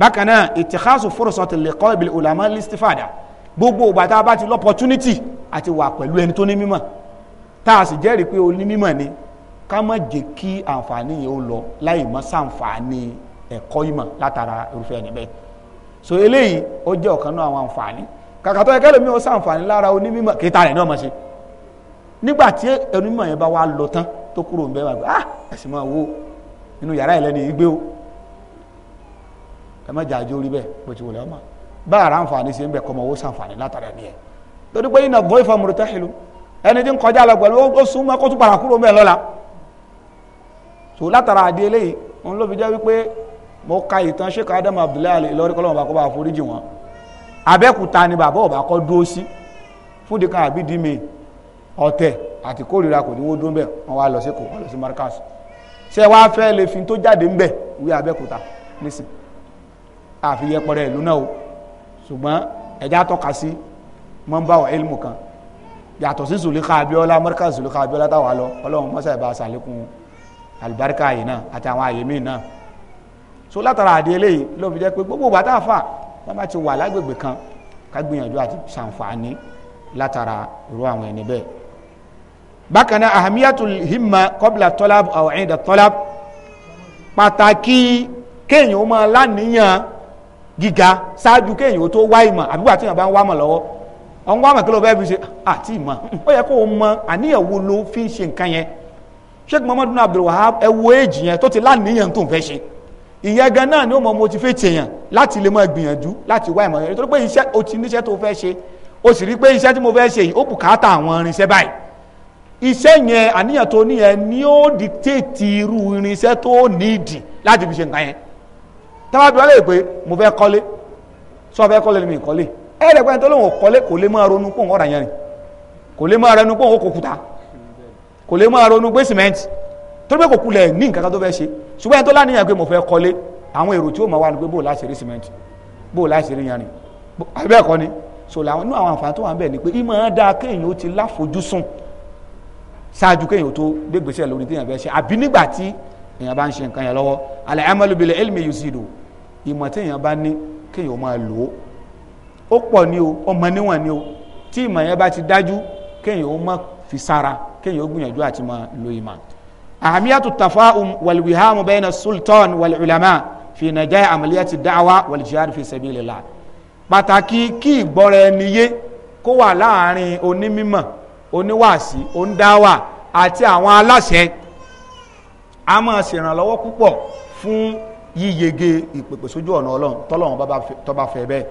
bákan náà ìtìkásù fursati liqa'i bil ulama listifada gbogbo ìgbà tá a bá ti lọ opportunity àti wà pẹ̀lú ẹni tó ní mímọ̀ tá a sì jẹ́rìí pé o ní mímọ̀ ni ká má jẹ́ kí àǹfààní yẹn ó lọ láì mọ́ sàǹfààní ẹ̀kọ́ ìmọ̀ látara irúfẹ́ ẹni bẹ́ẹ̀ so eléyìí ó jẹ́ ọ̀kan náà àwọn àǹfààní kàkàtọ́ ẹ̀kẹ́ lómi ó sàǹfààní lára onímọ̀ kíta rẹ̀ náà mọ̀ ṣe nígbà tí onímọ̀ yẹn bá wá lọ tán tó kúrò ń bẹ́ wà pé ah ẹ̀sìn máa wo nínú yàrá ìlẹ́ni ìgbé o ẹ má jà àjò orí bẹ́ẹ̀ bó ti wọlé ọmọ bá ara àǹfààní sí ń bẹ̀ kọmọ owó sàǹfààní látara ẹni ẹ̀ torí pé iná gbọ́ ìfọ̀ mùrùtẹ́ ìlú ẹni tí ń kọjá lọ pẹ̀lú ó sún mọ́ kó tún kúrò ń bẹ̀ lọ́la tó látara àdé eléyìí wọn ló jẹ́ wípé mo ka ìtàn Sheikh Abdullahi Ìlọrí kọ́lọ́mọba kó bá abẹ́kúta ni bàbá ọba kọ́ dúró sí fúdi kan àbí dìímẹ̀ ọ̀tẹ̀ àti kórìíra kò ní wọ́n dúró bẹ́ẹ̀ wọ́n wá lọ sí kò wọ́n lọ sí markas ṣé wàá fẹ́ lè fi tó jáde ń bẹ̀ wí abẹ́kúta nísìn àfi yẹpẹrẹ ìlú náà o ṣùgbọ́n ẹ̀já tọ́ka sí mọ́ńbà ọ̀ ilmu kan yàtọ̀ sí Zulika Abiola markas Zulika Abiola táwa lọ ọlọ́run mọ́sá ìbá sàlékún alibarika yìí náà àti àwọn àyè míì náà so látara àdé eléyìí ló fi jẹ́ pé gbogbo bàtà fà tábà ti wà lágbègbè kan ká gbìyànjú àti ṣàǹfààní látara irú àwọn ẹni bẹ́ẹ̀ bákan náà ahamiyatul himma kọ́bìlà tọ́láb àwọn ẹ̀yìn dà tọ́láb pàtàkì kéèyàn ó máa láníyàn gíga ṣáájú kéèyàn ó tó wá ìmọ̀ àbígbà tí èèyàn bá ń wá mọ̀ lọ́wọ́ ọ̀n wá mọ̀ kí ló bẹ́ẹ̀ fi ṣe àti ìmọ̀ ó yẹ kó o mọ àníyàn ló fi ń ṣe nǹkan yẹn Sheikh Muhammadu Abdul ẹ wo èjì yẹn tó ti láníyàn tó ń fẹ́ ṣe ìyẹn gan náà ni ó mọ motivate èèyàn láti lè máa gbìyànjú láti wá ìmọ̀ yẹn torí pé iṣẹ́ o ti níṣẹ́ tó fẹ́ ṣe o sì rí pé iṣẹ́ tí mo fẹ́ ṣe yìí ó bùkátà àwọn irinṣẹ́ báyìí iṣẹ́ yẹn àníyàn tó ní yẹn ni ó dictate irú irinṣẹ́ tó nídìí láti fi ṣe nǹkan yẹn tábàbí wọ́n lè pé mo fẹ́ kọ́lé sọ fẹ́ kọ́lé ni mi kọ́lé ẹ̀ẹ́dẹ̀gbẹ́ni tó lóun ò kọ́lé kò lè máa ronú pòun ọ̀ràn yẹn rìn kò lè máa ronú pòun ó kòkúta kò lè máa ronú pé cement torí pé kò kulẹ̀ ní nǹkan kan tó fẹ́ ṣe ṣùgbọ́n ẹni tó láníyàn pé mo fẹ́ kọ́lé àwọn èrò tí ó máa wà ní pé bóò láṣẹ rí sìmẹ́ntì bóò láṣẹ rí yanrìn àbẹ́ẹ̀ kọ́ ni so làwọn inú àwọn àǹfààní tó wà ń bẹ̀ ni pé ìmọ̀ ọ́n dáa kéèyàn ó ti láfojúsùn ṣáájú kéèyàn tó dégbèsè lórí téèyàn fẹ́ ṣe àbí nígbà tí èèyàn bá ń ṣe nǹkan yẹn lọ́wọ́ alẹ́ amálùbílẹ̀ elmi yusidu ìmọ̀ téèyàn bá ní kéèyàn máa lò ó ó pọ̀ ni o ọmọ níwọ̀n ni o tí ìmọ̀ yẹn bá ti dájú kéèyàn ó má fi sára kéèyàn ó gbìyànjú àti máa lo ìmọ̀ أهمية التفاؤم والوهام بين السلطان والعلماء في نجاح عملية الدعوة والجهاد في سبيل الله pàtàkì kí ìgbọ́ra ẹni yé kó wà láàrin onímímọ̀ oníwàásí ondáwà àti àwọn aláṣẹ a máa ṣèrànlọ́wọ́ púpọ̀ fún yíyege ìpèpè sójú ọ̀nà ọlọ́run tọ́lọ́run tó bá fẹ́ bẹ́ẹ̀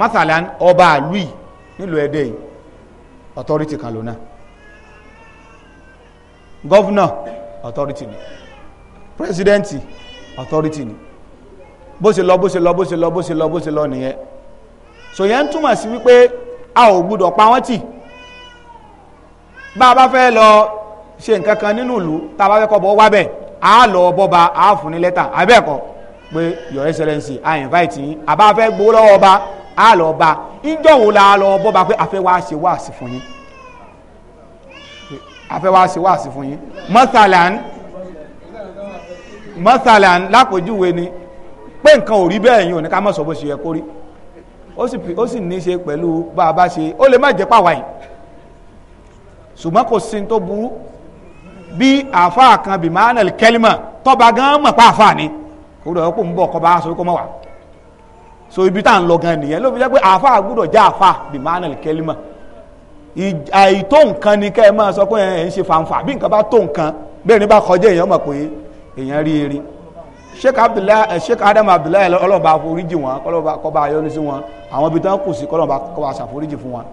mathalan ọba àlùí nílùú ẹ̀dẹ́ yìí kan lónà governor authority ni president authority ni bó ṣe lọ bó ṣe lọ bó ṣe lọ bó ṣe lọ bó ṣe lọ nìyẹn so yẹn ń túmọ̀ sí wípé a ò gbúdọ̀ pa wọ́n tì bá a bá fẹ́ lọ ṣe nǹkan kan nínú ìlú tá a bá fẹ́ kọ́ bọ́ wá bẹ́ẹ̀ a lọ bọ́ba a fún ní lẹ́tà abẹ́ẹ̀kọ́ pé your excellency I invite yín àbá fẹ́ gbowó lọ́wọ́ ọba a lọ bá ìjọ wo la lọ bọ́ba pé a fẹ́ wá ṣe wá sí fún yín afẹ́ wá sí wá sí fún yín mọ́sálàn mọ́sálàn lápòjúwe ni pé nǹkan ò rí bẹ́ẹ̀ yín ò ní ká má sọ bó ṣe yẹ kó rí ó sì ní í ṣe pẹ̀lú bá a bá ṣe ó lè má jẹ́ pàwá yìí ṣùgbọ́n kò sí tó burú bí àáfàá kan bí manuel kelma tọ́ba gan mọ̀ pa àáfàá ni kò rẹ̀ kó ń bọ̀ kọ́ aṣọ kó mọ̀ wá so ibi tá à ń lọ gan nìyẹn ló fi jẹ́ pé àáfàá gbúdọ̀ jẹ́ àáfàá bí manuel kelma àìtó nǹkan ni kẹ́ ẹ máa sọ pé ẹ̀ ń ṣe fanfa bí nǹkan bá tó nǹkan bẹ́ẹ̀ ni bá kọjá èèyàn mọ̀ pé èèyàn rí erin sheikh abdullahi eh, sheikh adam abdullahi ọlọ́ba àforíjì wọn kọ́ba ayọ́nu sí wọn àwọn ibi tí wọ́n kù sí kọ́lọ́ba kọ́ba àṣàforíjì fún wọn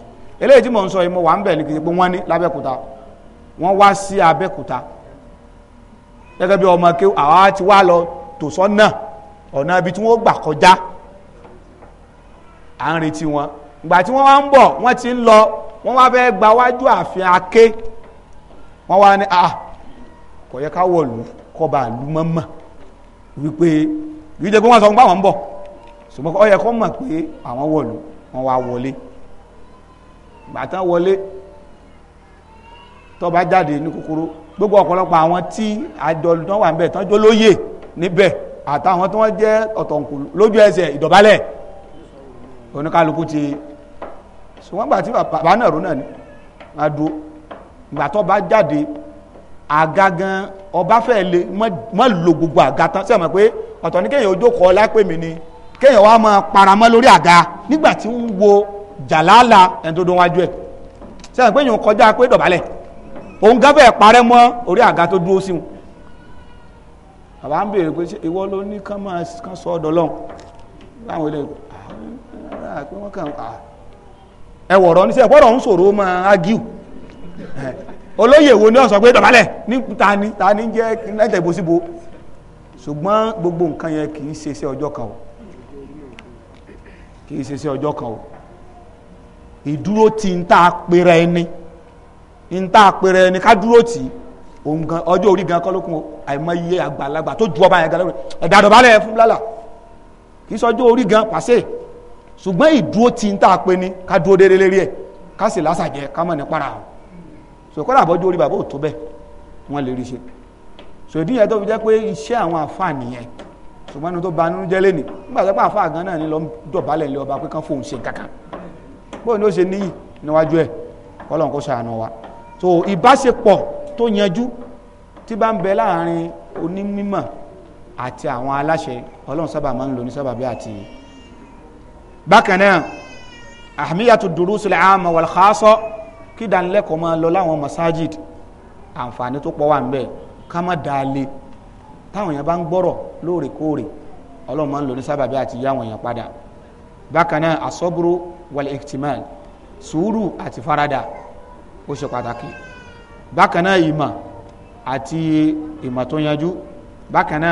eléyìí tí mò ń sọ yìí mo wà ń bẹ̀ ní kìí pé wọ́n ní lábẹ́kúta wọ́n wá sí abẹ́kúta gẹ́gẹ́ bí ọmọ kí àwa ti wá lọ tòsọ́ náà ọ̀nà ibi tí wọ́n gbà kọjá à ń retí wọn ìgbà tí wọ́n wá ń bọ̀ wọ́n ti ń lọ wọ́n wá fẹ́ gba wájú ààfin aké wọ́n wá ní ah kò yẹ ká wọ̀lú kọba àlú mọ́mọ́ wípé ìdíje pé wọ́n sọ pé àwọn ń bọ̀ ṣùgbọ́n ó yẹ kó mọ̀ pé àwọn wọ̀lú wọ́n wá wọlé gbàtán wọlé tó bá jáde ní kúkúrú gbogbo ọ̀pọ̀lọpọ̀ àwọn tí àjọlùtàn wà níbẹ̀ tán jó lóyè níbẹ̀ àtàwọn tí wọ́n jẹ́ ọ̀tọ̀ǹkù lójú ẹsẹ̀ ìdọ̀bálẹ̀ oníkálukú ti ṣùgbọ́n gbà tí bàbá náà rò náà ni máa dúró ìgbà tó bá jáde àga gan ọba fẹ́ le mọ́ lo gbogbo àga tán sẹ́wọ̀n pé ọ̀tọ̀ ní kéèyàn ojú kọ́ lápè mí ni kéèyàn wá máa paramọ́ lórí àga nígbà tí ń wo jàlálà ẹni tó dún wájú ẹ̀ sẹ́wọ̀n pé èèyàn kọjá pé dọ̀bálẹ̀ òun gan fẹ́ parẹ́ orí àga tó dúró sí wọn. bàbá ń béèrè pé ìwọ ló ní kán máa sọ ọ̀dọ̀ lọ́hùn láwọn ilé ìgbà pé wọ́n kàn á ah, ẹwọ̀rọ̀ ní sẹ́ ẹ̀pọ̀rọ̀ ń sọ̀rọ̀ máa ágíù olóyè wo ni ó sọ pé dọ̀bálẹ̀ ní ta ni ta ni jẹ́ lẹ́tẹ̀ ìbòsíbo ṣùgbọ́n gbogbo nǹkan yẹn kì í ṣe sí ọjọ́ kan o kì í ṣe sí ọjọ́ kan o ìdúró ti ń tá a pèrè ẹni ń tá a pèrè ẹni ká dúró tì í òun gan ọjọ́ orí gan kọ́lókun àìmọye àgbàlagbà tó ju ọba yẹn gan lọ́wọ́ ẹ̀dá dọ̀bálẹ̀ fún lálà kì í sọ orí gan pàṣẹ ṣùgbọ́n ìdúró ti ń tà pé ní ká dúró déédéé lérí ẹ̀ ká sì lásàjẹ ká mọ̀ ní para àwọn sòkòrò àbọ̀jú orí bàbá ò tó bẹ́ẹ̀ wọ́n lè rí ṣe sòdí yẹn tó fi jẹ́ pé iṣẹ́ àwọn àfáà nìyẹn ṣùgbọ́n inú tó ba nínú jẹ́ lẹ́nì nígbà tó pa àfáà gan náà ni lọ dọ̀bálẹ̀ lé ọba pé kán fóun ṣe kankan bóyá ni ó ṣe níyì níwájú ẹ̀ kọ́lọ́n kó ṣàánú wa so ìbáṣepọ̀ tó yanjú tí bá ń bẹ láàrin onímímọ̀ àti àwọn aláṣẹ ọlọ́run sábà máa ń lò ní sábàbí àti bákan náà ahmiyatu durusul aama wal khasa kí ìdánilẹ́kọ̀ọ́ máa lọ láwọn masajid àǹfààní tó pọ̀ wà ń bẹ̀ ká má dalẹ̀ táwọn èèyàn bá ń gbọ́rọ̀ lóòrèkóòrè ọlọ́run máa ń lò ní sábàbí àti yá àwọn èèyàn padà bákan náà asọ́búrú wal sùúrù àti faradà ó ṣe pàtàkì bákan náà àti ìmọ̀ tó yanjú bákan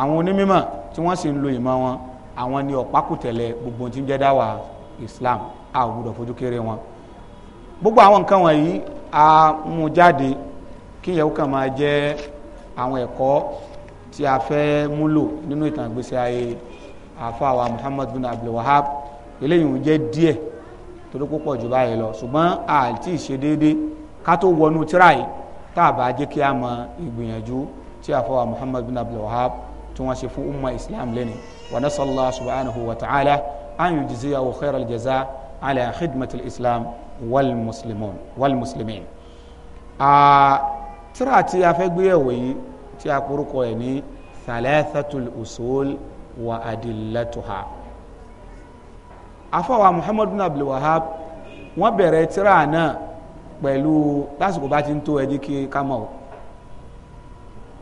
àwọn onímọ̀ tí wọ́n sì ń lo ìmọ̀ wọn àwọn ni ọ̀pákùtẹ̀lẹ̀ gbogbo tí ń jẹ́ dáwà Islam a ò gbọdọ̀ fojú kéré wọn gbogbo àwọn nǹkan wọ̀nyí a mú jáde kí ìyẹ̀wò kan máa jẹ́ àwọn ẹ̀kọ́ tí a fẹ́ múlò nínú ìtàn ìgbésí ayé àfàwà Muhammad bin Abdul Wahab eléyìí ń jẹ́ díẹ̀ torí púpọ̀ jù báyìí lọ ṣùgbọ́n a ti ṣe déédé ká tó wọnú tíráyì tá a bá jẹ́ kí a mọ ìgbìyànjú tí àfàwà Muhammad bin Abdul Wahab tí wọ́n ṣe fún umma islam lẹ́ni wa nasallah subhanahu wa ta'ala an yujziyahu khairal jaza ala khidmatil islam wal muslimun wal muslimin. tíra tí a fẹ́ gbé ẹ̀wò yìí tí a kórúkọ ẹ̀ ní thalathatul usul wa adillatuha afọwà muhammadu bin abdul wahab wọ́n bẹ̀rẹ̀ tíra náà pẹ̀lú lásìkò bá ti ń tó ẹni kí ká mọ̀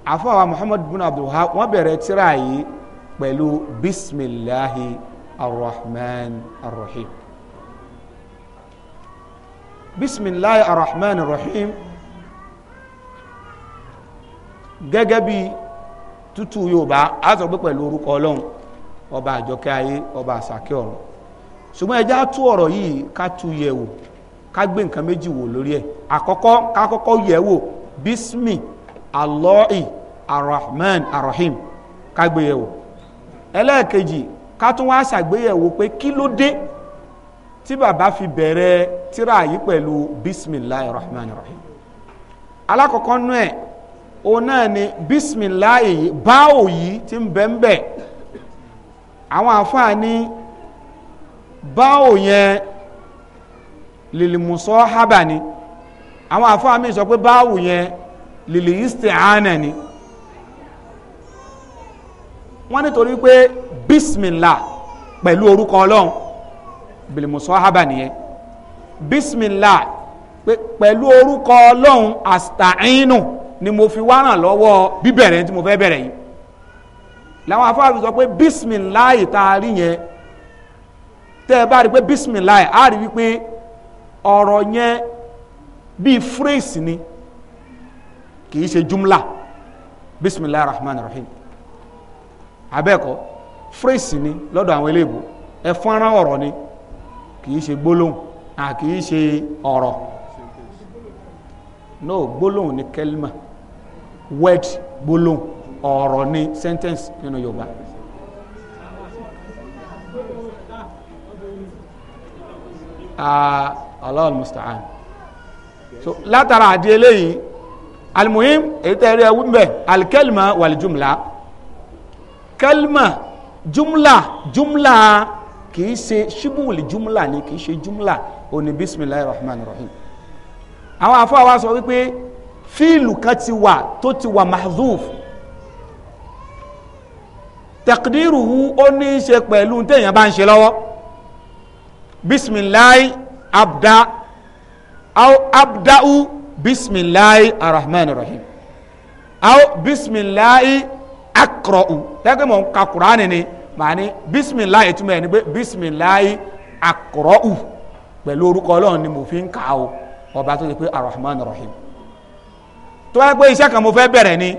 àfọwà muhammad bin abdulha wọ́n bẹ̀rẹ̀ tírà yìí pẹ̀lú bisimilahi arrahman arrahim bisimilahi arrahman arrahim gẹ́gẹ́ bí tútù yorùbá a sọ pé pẹ̀lú orúkọ ọlọ́run ọba àjọkẹ́ ayé ọba àsàkẹ́ ọ̀run ṣùgbọ́n ẹja tú ọ̀rọ̀ yìí ká tú yẹ̀ wò ká gbé nǹkan méjì wò lórí ẹ̀ àkọ́kọ́ ká kọ́kọ́ yẹ̀ wò bísmì alọ́ọ̀ì arahman arahim kágbéyẹ̀wò ẹlẹ́ẹ̀kejì ká tún wá ṣàgbéyẹ̀wò pé kí ló dé tí bàbá fi bẹ̀rẹ̀ tíra yìí pẹ̀lú bisimilahi rahman rahim alákọ̀ọ́kọ́ nú ẹ̀ o náà ni Bismillah yìí báwo yìí ti ń ń bẹ̀ àwọn àfáà ní yẹn ni àwọn àfáà mi lìlì isti'ana ni wọ́n nítorí pé bismillah pẹ̀lú orúkọ ọlọ́run bilimusahaba nìyẹn bismillah pẹ̀lú orúkọ ọlọ́run asta'inu ni mo fi wá ràn lọ́wọ́ bíbẹ̀rẹ̀ tí mo fẹ́ bẹ̀rẹ̀ yìí làwọn afáàbí sọ pé bismillah ìtaari yẹn tẹ́ ẹ bá rí pé bismillah á rí wípé ọ̀rọ̀ yẹn bíi phrase ni kì í ṣe jumla bisimilahi rahman rahim abẹ́ẹ̀kọ́ phrase ni lọ́dọ̀ àwọn eléèbó ẹ̀fọ́nrán ọ̀rọ̀ ni kì í ṣe gbólóhùn à kì í ṣe ọ̀rọ̀ no gbólóhùn ni kẹlímà word gbólóhùn ọ̀rọ̀ ni sentence nínú yorùbá ah, Allah al-musta'an so látara àdí eléyìí alimuhim èyí tẹ́ rí ẹwú mbẹ alikẹ́lìmọ̀ wàlìjúmùlá kẹ́lìmọ̀ júmùlá júmùlá kìí ṣe ṣubúwìlì júmùlá ni kìí ṣe júmùlá òní bisimilayi rahman rahim àwọn àfáà wa sọ wípé fíìlù kan ti wà tó ti wà mahzuf tẹkidiruhu ó ní í ṣe pẹ̀lú téèyàn bá ń ṣe lọ́wọ́ bisimilayi abda abda'u bisimilahi arahman rahim aw bisimilahi akra'u tẹ́gbẹ́ mọ̀ ń ka kuraani ni màá ní bisimilahi túmọ̀ ẹ̀ ní pé bisimilahi akra'u pẹ̀lú orúkọ ọlọ́run ni mo fi ń kà á o ọba tó ti pé arahman rahim tó wáyé pé iṣẹ́ kan mo fẹ́ bẹ̀rẹ̀ ni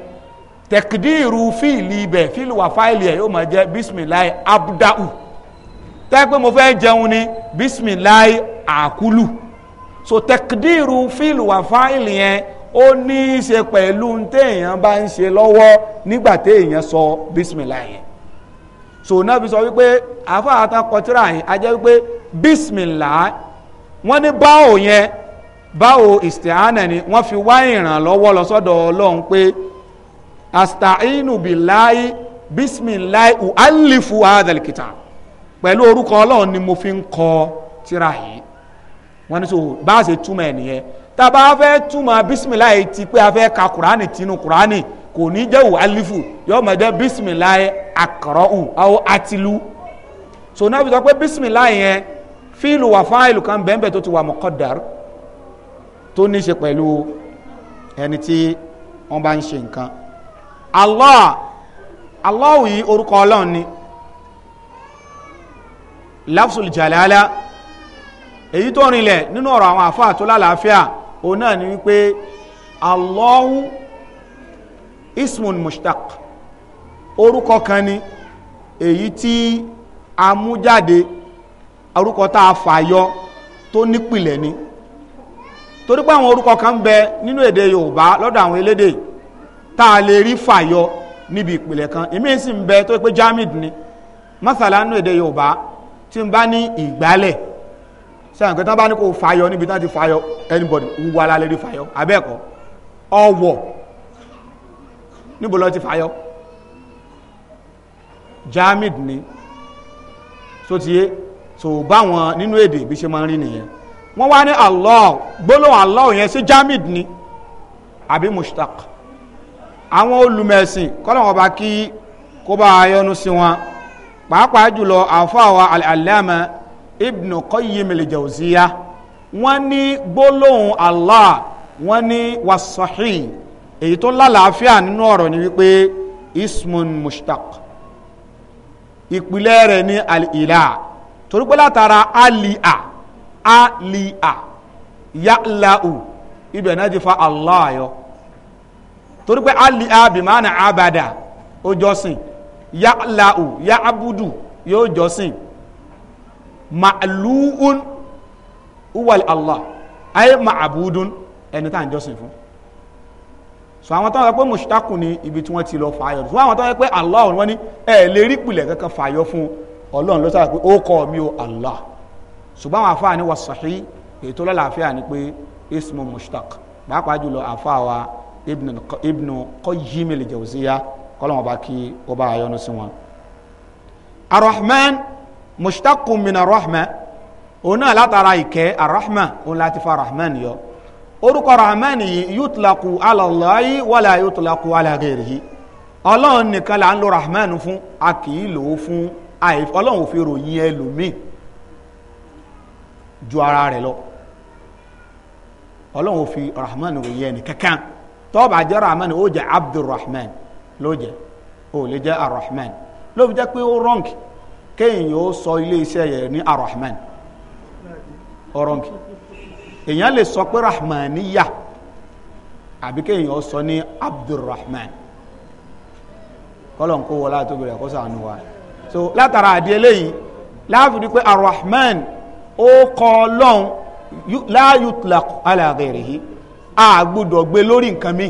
tẹkidiru fíìlì ibẹ̀ fíìlì wà fáìlì ẹ̀ yóò máa jẹ́ bisimilahi abda'u tẹ́gbẹ́ mo fẹ́ jẹun ni bisimilahi akulu. so tẹkidiru fílù wà yẹn ó ní í ṣe pẹ̀lú téèyàn bá ń ṣe lọ́wọ́ nígbà téèyàn sọ bísímìlà yẹn so náà fi sọ wípé àáfàá tán kọtíra yẹn a wípé bísímìlà wọ́n ní báwo yẹn báwo ìsìtìhánà ni wọ́n fi wá ìrànlọ́wọ́ lọ sọ́dọ̀ ọlọ́run pé astainu bilayi bisimilayi ualifu adalkita pẹ̀lú orúkọ ọlọ́run ni mo fi ń kọ tíra yìí wọ́n ní so bá a ṣe túmọ̀ ẹ̀ nìyẹn tá a bá fẹ́ túmọ̀ bisimilayi ti pé a fẹ́ ka kurani tinú kurani kò ní jẹ́ wò alifu yọ ọmọ jẹ́ bisimilayi akọrọ́ù àwọn atilu so náà fi sọ pé bisimilayi yẹn fíìlù wà fáìlù kan bẹ́ẹ̀nbẹ́ẹ́ tó ti wà mọ́kọ́dàrú tó ní í ṣe pẹ̀lú ẹni tí wọ́n bá ń ṣe nǹkan Allah Allah yìí orúkọ ọlọ́run ni lafsul jalala. èyí tó rinlẹ̀ nínú ọ̀rọ̀ àwọn àfáà tó lálàáfíà òun náà ni wípé Allahu ismun mushtaq orúkọ kan ni èyí tí a mú jáde orúkọ tá a fàyọ tó nípìlẹ̀ ni torí pé àwọn orúkọ kan bẹ nínú èdè Yorùbá lọ́dọ̀ àwọn elédè tá a lè rí fà yọ níbi ìpìlẹ̀ kan èmi sì ń bẹ tó pé Jamid ni masala nínú èdè Yorùbá tí n bá ní ìgbálẹ̀ sẹ́yìn pé tán bá ní kò fàyọ níbi tán ti fàyọ anybody wúwo alálẹ́ rí fàyọ abẹ́ẹ̀kọ́ ọwọ́ níbo lọ ti fàyọ jamid ni so ti yé so báwọn nínú èdè bí ṣe máa ń rí nìyẹn wọ́n wá ní Allah gbólóhùn Allah yẹn sí jamid ni àbí mushtaq àwọn olùmẹ̀sìn kọ́lọ́wọ́n bá kí kó bá yọ́nú sí wọn pàápàá jùlọ àfọ́ àwa al-allama ibn qayyim al-jawziya wọ́n ní gbólóhùn allah wọ́n ní wasahi èyí tó lálàáfíà nínú ọ̀rọ̀ ni wípé ismun mushtaq ìpìlẹ̀ rẹ̀ ní al-ilah torí pé látara ali'a ali'a ya'la'u ibẹ̀ náà ti fa allah yọ torí pé bimana abada ó jọ́sìn ya'la'u ya'budu yóò jọ́sìn màlúùn uwal allah ayé màbúdún ẹni tá à ń jọ́sìn fún so àwọn tó ń sọ pé mùsùtàkùn ni ibi tí wọ́n ti lọ fààyọ so àwọn tó ń sọ pé allah wọ́n ní ẹ lè rí ìpìlẹ̀ kankan fààyọ fún ọlọ́run ló sábà pé ó kọ́ mi o allah ṣùgbọ́n àwọn afáà ni wọ́n sàhí èyí tó ni pé ismu mushtaq pàápàá jùlọ àfáà wa ibnu qayyim al-jawziya kọ́lọ́mọba kí ó bá yọ́nú sí wọn. arrahman mushtaqun min arahma òun náà látara ìkẹ́ arahma òun láti fa rahman yọ orúkọ rahman yìí yutlaku ala Allahi wala yutlaku ala ghairihi ọlọ́run nìkan là ń lo rahman fún a kì í lò ó fún ọlọ́run ò fi ròyìn ẹlòmíì ju ara rẹ̀ lọ ọlọ́run ò fi rahman ròyìn ẹni kankan tó bá rahman ó jẹ́ abdulrahman ló jẹ́ ó lè jẹ́ arahman ló fi jẹ́ pé ó rọ́ǹkì kéèyàn ó sọ ilé iṣẹ́ yẹn ní arahman ọ̀rọ̀ nkì èèyàn lè sọ pé rahmaniya àbí kéèyàn ó sọ ní abdulrahman kọ́lọ̀ ń kó wọlé àtòbí rẹ̀ kó sànù wa so látara àdí eléyìí láàfin pé arahman ó kọ ọlọ́run la yutlaq ala ghairihi gbé lórí nǹkan mi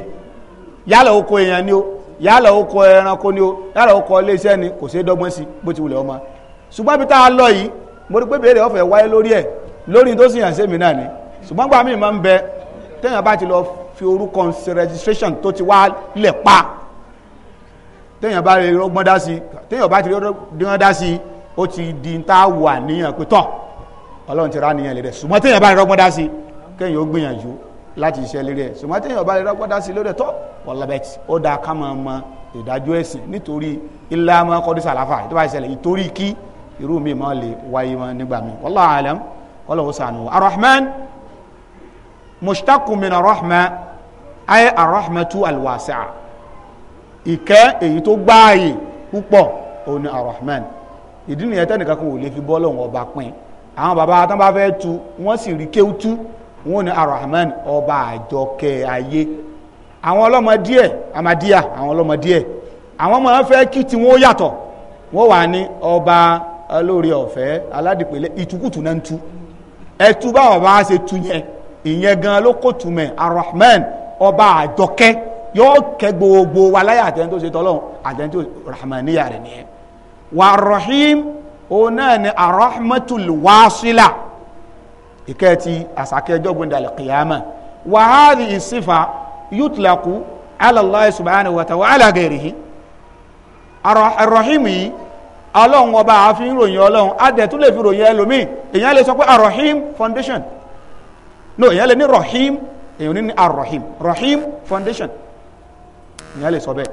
yálà oko èèyàn ni ó yálà ó kọ ẹranko ni o yálà ó kọ iléeṣẹ́ ni kò ṣeé dọ́gbọ́n sí bó ti wulẹ̀ ọmọ ṣùgbọ́n bí tá a lọ yìí mo rí pé béèrè ọ̀fẹ́ wáyé lórí ẹ̀ lórí tó sì yàn sẹ́mi náà ni ṣùgbọ́n gbà mí máa ń bẹ téèyàn bá ti lọ fi orúkọ registration tó ti wá lẹ̀ pa téèyàn bá rí ọgbọ́n dá sí téèyàn bá ti rí ọgbọ́n dá sí ó ti di ta wà níyàn pé tọ́ ọlọ́run ti rá níyàn lè rẹ̀ ṣùgbọ́n téèyàn bá rí ọgbọ́n dá sí kéèyàn ó gbìyànjú láti iṣẹ́ lérí ẹ̀ ṣùgbọ́n tí èèyàn bá lè rọ́pọ́dá sí lórí ẹ̀tọ́ wọ̀lọ́bẹ̀tì ó dáa ká máa mọ ìdájọ́ ẹ̀sìn nítorí ilá máa kọ́ dísà láfà tó bá ṣẹlẹ̀ ìtorí kí irú mi máa lè wáyé mọ́ nígbà mi wallahu alam kọ́lọ̀ ó sànù arahman mushtaqu min arahma ayé arahmatu alwasi'a ìkẹ́ èyí tó gbáàyè púpọ̀ òun ni arahman ìdí nìyẹn tẹ́nìkan kò lè fi bọ́ lọ́wọ́ ọba pin àwọn bàbá tán bá fẹ́ tu wọ́n sì rí kéwú wọn ni arahman ọba àjọkẹ́ ayé àwọn ọlọ́mọ díẹ̀ amadiya àwọn ọlọ́mọ díẹ̀ àwọn ọmọ fẹ́ kí tí wọ́n yàtọ̀ wọ́n wà ní ọba lórí ọ̀fẹ́ aládìpẹ̀lẹ̀ ìtukùtù náà ń tu ẹtú báwọn bá ṣe tu yẹn ìyẹn gan ló kó túmẹ̀ arahman ọba àjọkẹ́ yóò kẹ́ gbogbo wa láyé àtẹ̀ntó ṣe tọ́lọ́run àtẹ̀ntó rahmaniya rẹ̀ nìyẹn wà rahim òun ni arahmatul wasila ìkẹ́ẹ̀tì àsàkẹ́ ẹjọ́ gbẹ̀ndàlẹ̀ kìyàmà wàhálì ìsìfà yútùlákù alàlá subhana wa ta'ala ala ghairihi arọ̀hìmù yìí ọlọ́run ọba àfi ń ròyìn ọlọ́run adẹ̀ tún lè fi ròyìn ẹlòmíì èyàn lè sọ pé arọ̀hìm foundation no èyàn lè ní rọ̀hìm èyàn ní arọ̀hìm rọ̀hìm foundation èyàn lè sọ bẹ́ẹ̀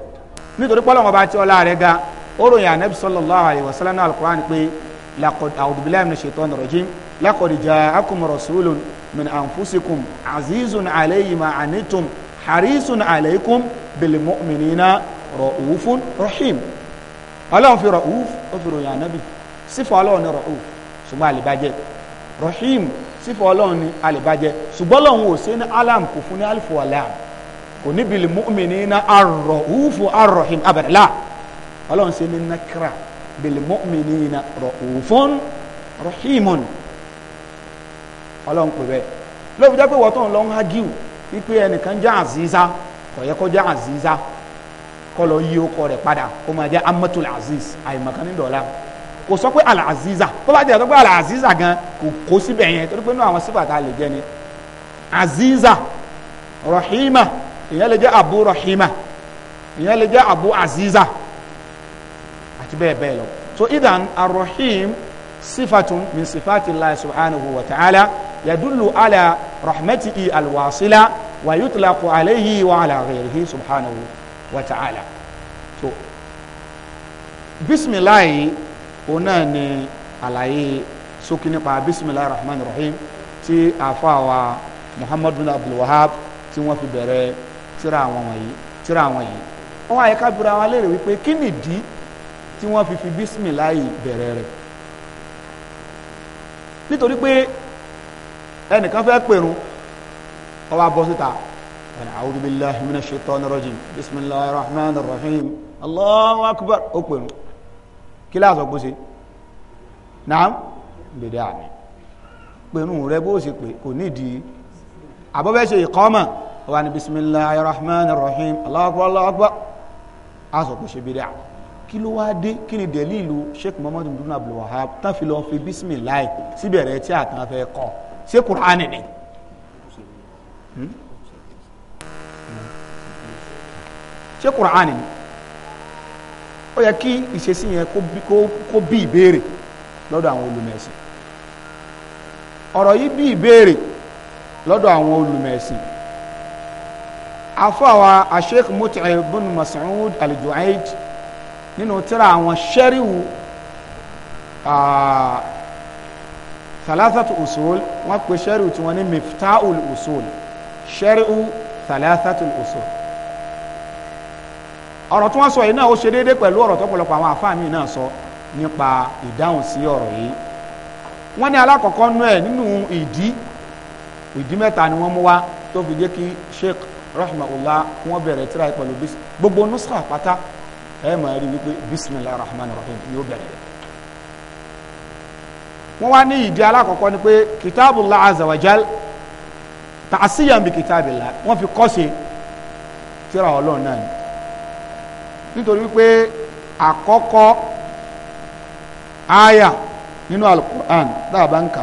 nítorí pé ọlọ́run ọba tí ọlá rẹ̀ ga ó ròyìn ànábì sallallahu alaihi wasallam náà al-Qur'an pé laqad a'udhu billahi minash shaitanir rajim laqad ja'akum rasulun min anfusikum azizun alayhi ma anitum harisun alaykum bil mu'minina ra'ufun rahim ọlọ́run fi ra'uf ó fi ròyìn ànábì sífọ́ ọlọ́run ni ra'uf ṣùgbọ́n àlìbàjẹ́ rahim sífọ́ ọlọ́run ni àlìbàjẹ́ ṣùgbọ́n ọlọ́run ò sí ní alam kò fún ní alifu alam kò ní bil mu'minina ar-ra'ufu ar-rahim abẹ́rẹ́lá ọlọ́run sí ní nakra bil mu'minina ra'ufun rahimun ọlọ́run pè bẹ́ẹ̀ lóòfin jẹ́ pé wọ́n tó ń lọ ń hágíù wípé ẹnìkan jẹ́ àzíza kò yẹ kó jẹ́ àzíza kó lọ yí okọ rẹ̀ padà kó máa jẹ́ amatul aziz àyèmọ̀kan ní dọ̀la kò sọ pé alaziza tó bá jẹ́ tó pé alaziza gan kò kó síbẹ̀ yẹn torí pé inú àwọn sífàtà lè jẹ́ ni aziza rahima ìyẹn lè jẹ́ abu rahima ìyẹn lè jẹ́ abu aziza àti bẹ́ẹ̀ bẹ́ẹ̀ lọ so idan arrahim sifatun min sifati allah subhanahu wa ta'ala yadullu ala rahmatihi alwasila wa yutlaqu alayhi wa ala ghayrihi subhanahu wa ta'ala so bisimilayi ona ni àlàyé ṣókí nípa bisimilayi rahman rahim tí àfàwà muhammad bin abdulwahab tí wọ́n fi bẹ̀rẹ̀ tírà àwọn wọ̀nyí tírà àwọn yìí wọ́n wáyé ká bira wa léèrè wípé kí nìdí tí wọ́n fi fi bisimilayi bẹ̀rẹ̀ rẹ̀ nítorí pé ẹnìkan fẹ́ pèrún ó wá bọ́ síta ẹni a'udhu billahi minash shaitani rajim bismillahir rahmanir rahim allahu akbar ó pèrún kí láàsọ kó ṣe naam gbèdé àmì pèrún rẹ bó ṣe pé kò nídìí àbọ̀bẹ́ ṣe ìkọ́mọ̀ ó wá ní bismillahir rahmanir rahim allahu akbar allahu akbar àsọ kó ṣe bídà kí ló wá dé kí ni dẹ̀lí ìlú sheikh muhammadu bin tán fi lọ fi bismillah síbẹ̀rẹ̀ tí àtàn fẹ́ kọ́ ọ sai qur'ani ne ṣé qur'ani ni ó yẹ kí ìṣesí yẹn kó bí ìbéèrè lọ́dọ̀ àwọn olùmẹ̀sìn ọ̀rọ̀ yìí bí ìbéèrè lọ́dọ̀ àwọn olùmẹ̀sìn afọ́wà asheik mut'i bin mas'ud al-ju'ayd nínú tírà àwọn shari'u ah, thalathatu usul وما pe sẹ́ríù مفتاح wọ́n ní miftahul usul sẹ́ríù thalathatu usul ọ̀rọ̀ tí wọ́n sọ yìí náà ó ṣe déédéé pẹ̀lú ọ̀rọ̀ tọ́pọ̀lọpọ̀ àwọn àfáà mi náà sọ nípa ìdáhùn sí ọ̀rọ̀ yìí wọ́n ní alákọ̀ọ́kọ́ nú ẹ̀ nínú ìdí ìdí mẹ́ta ni wọ́n mú wá tó fi jẹ́ kí sheikh rahmaullah kí wọ́n bẹ̀rẹ̀ tíra pẹ̀lú gbogbo nusra pátá ẹ̀ máa rí wípé bismillahir rahmanir rahim yóò bẹ̀rẹ̀ wọ́n wá ní ìdí alákọ̀ọ́kọ́ ni pé kitabullah azza wa jal ta'asiyan bi kitabillah wọ́n fi kọ́sẹ̀ tíra ọlọ́run náà ni nítorí pé àkọ́kọ́ aya nínú alukur'an dáa bá ń kà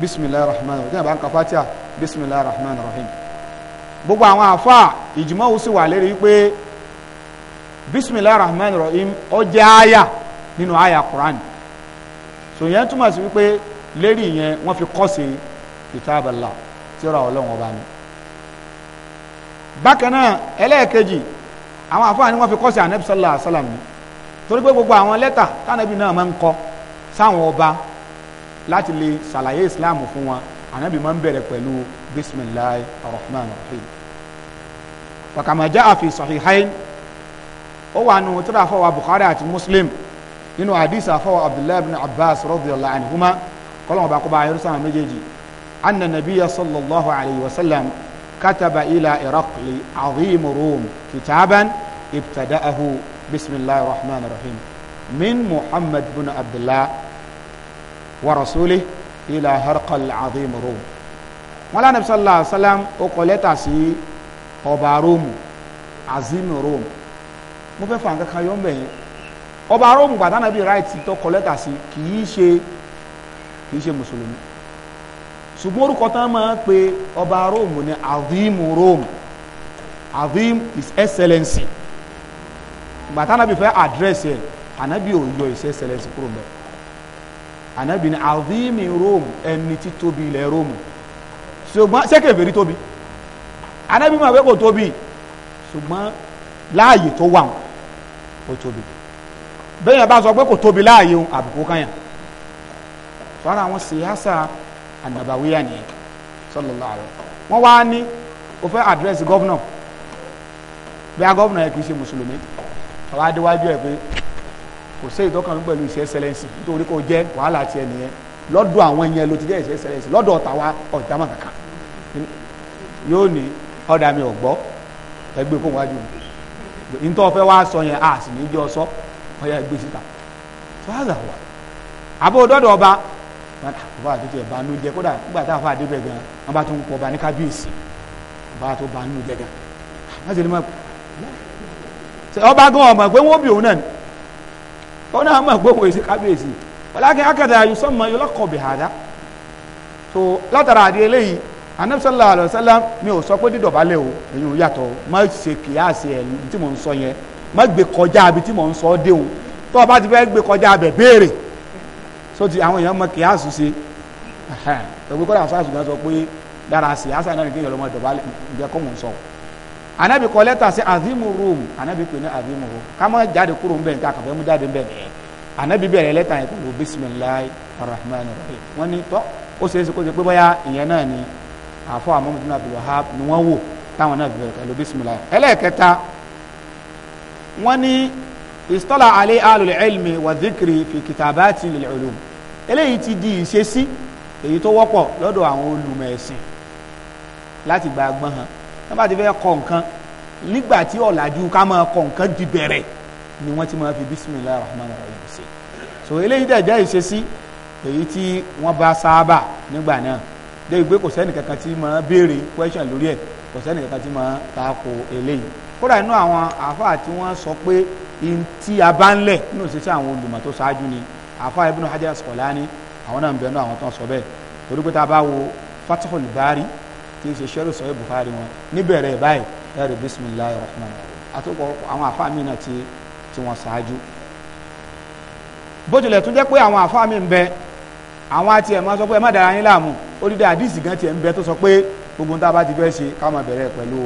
bisimilayi rahman rahim dáa bá ń kà fatiha bisimilayi rahman rahim gbogbo àwọn àfa ìjùmọ̀ òsì wà lérí pé bisimilayi rahman rahim ó jẹ́ nínú aya kur'an so yẹn túmọ̀ sí wípé lérí yẹn wọ́n fi kọ́ sí kitab Allah tí ó ra ọlọ́run ọba ni bákan náà ẹlẹ́ẹ̀kejì àwọn àfáàní wọ́n fi kọ́ sí anabi sallallahu ni torí pé gbogbo àwọn lẹ́tà tánàbí náà máa ń kọ sáwọn ọba láti lè ṣàlàyé islam fún wọn anabi máa ń bẹ̀rẹ̀ pẹ̀lú bisimilahi rahman rahim wa kama jaa fi sahihayn ó wà nù tíra fọwọ́ bukhari àti muslim nínú hadith afọwọ́ abdullahi bin abbas radiyallahu anhuma kọ́lọ́n ọba kọba ayọ́rọ́ sáwọn méjèèjì anna nabiya sallallahu alayhi wa sallam kataba ila iraqli azim rum kitaban ibtada'ahu bisimilahi rahman rahim min muhammad bin abdullah wa rasulih ila harqal azim rum wọn lánàá sallallahu alayhi wa sallam ó kọ lẹ́tà sí ọba rome azim rome mo fẹ́ fà nǹkan kan yọ̀ ń bẹ̀yẹn ọba Róòmù gbàdánàbí right tó kọ lẹ́tà sí kì í ṣe kì í ṣe mùsùlùmí ṣùgbọ́n orúkọ tán máa ń pe ọba Róòmù ní avim Rome avim is excellency gbàdánàbí fẹ́ address ẹ̀ ànábì ò yọ his excellency kúrò mẹ́ ànábì ní avim Rome ẹni tí tóbi ilẹ̀ Róòmù ṣùgbọ́n sẹ́kẹ̀fẹ̀rí tóbi ànábì máa fẹ́ kó tóbi ṣùgbọ́n láàyè tó wà ó tóbi. bẹ́ẹ̀ bá sọ pé kò tóbi láàyè òun àbùkù kan yàn sọ́ra àwọn sìyásà ànàbàwíyà nìyẹn sallallahu alaihi wọ́n wá ní o fẹ́ àdírẹ́sì gọ́vnà bí a gọ́vnà yẹn kì í ṣe mùsùlùmí adéwájú ẹ̀ pé kò sí ìtọ́kànlú pẹ̀lú iṣẹ́ ẹsẹlẹ́sì nítorí kò jẹ́ wàhálà tiẹ̀ nìyẹn lọ́dọ̀ àwọn ló ti jẹ́ iṣẹ́ lọ́dọ̀ yóò ní ọ̀dà mi ò gbọ́ ẹgbẹ́ e sọ yẹn sì ní jẹ́ ọ̀yà gbé síta tó wà àbọ̀ ọba ọba àti tiẹ̀ jẹ kódà a fà débẹ̀ gan bá tó ń pọ̀ ọba ní kábíyèsí ọba tó banú jẹ gan wọn ní ọba gan ọmọ pé wọn bí òun náà ni náà mọ̀ pé òun èsì kábíyèsí tó látara àdé eléyìí mi ò sọ pé o èyí ò yàtọ̀ má ṣe kìí àṣẹ má gbé kọjá abi tí mò ń sọ ọ́ déhùn tó o bá ti fẹ́ gbé kọjá abẹ béèrè so ti àwọn èèyàn mọ kíyàsù ṣe ẹgbẹ́ kọ́lá àṣà àṣùgbọ́n sọ pé dára sí àṣà náà nìkan ìyọ̀lọ́mọ ìdọ̀bá ìgbẹ́ kọ́ mò ń sọ anabi kọ lẹ́tà sí azimu room anabi pè ní azimu room ká má jáde kúrò ń bẹ̀ nǹkan àkàfẹ́ mú jáde ń bẹ̀ nìyẹn anabi bẹ̀rẹ̀ lẹ́tà yẹn pẹ̀lú bisimilayi rahman rahim wọ́n ní tọ́ ó ṣe wọ́n ní ìsítọ́lá alẹ́ alùlẹ̀ ẹ̀lmi wà díkìrì fi kìtàbáàtì lil ulum eléyìí ti di ìṣesí èyí tó wọ́pọ̀ lọ́dọ̀ àwọn olùmọ̀ ẹ̀sìn láti gba agbọ́n hàn wọ́n bá ti fẹ́ kọ nǹkan nígbà tí ọ̀làjú ká máa kọ nǹkan di bẹ̀rẹ̀ ni wọ́n ti máa fi bisimilahi rahman rahim ṣe so eléyìí dẹ̀ jẹ́ ìṣesí èyí tí wọ́n bá sáábà nígbà náà dé ìgbé kò sẹ́nì kankan tí máa béèrè question lórí ẹ̀ kò sẹ́nì kankan tí máa ta ko eléyìí kódà inú àwọn àáfàá tí wọ́n sọ pé tí a bá ń lẹ̀ nínú ìṣesí àwọn olùmọ̀ tó ṣáájú ni àáfàá Ibn Hajar Asqalani àwọn náà ń bẹnu àwọn tó ń sọ bẹ́ẹ̀ torí pé tá a bá wo Fathul Bari tí ń ṣe sẹ́rù sọ́yẹ́ Bukhari wọn níbẹ̀rẹ̀ báyìí ẹ̀rọ bisimilayi rahman àtúkọ àwọn àáfàá mi náà ti tí wọ́n ṣáájú bójúlẹ̀ tún jẹ́ pé àwọn àáfàá mi ń bẹ àwọn àti ẹ̀ sọ pé ẹ má dara yín láàmú orí dé àdìsí gan tiẹ̀ ń bẹ tó sọ pé gbogbo ń tá a bá ti fẹ́ ṣe ká bẹ̀rẹ̀ pẹ̀lú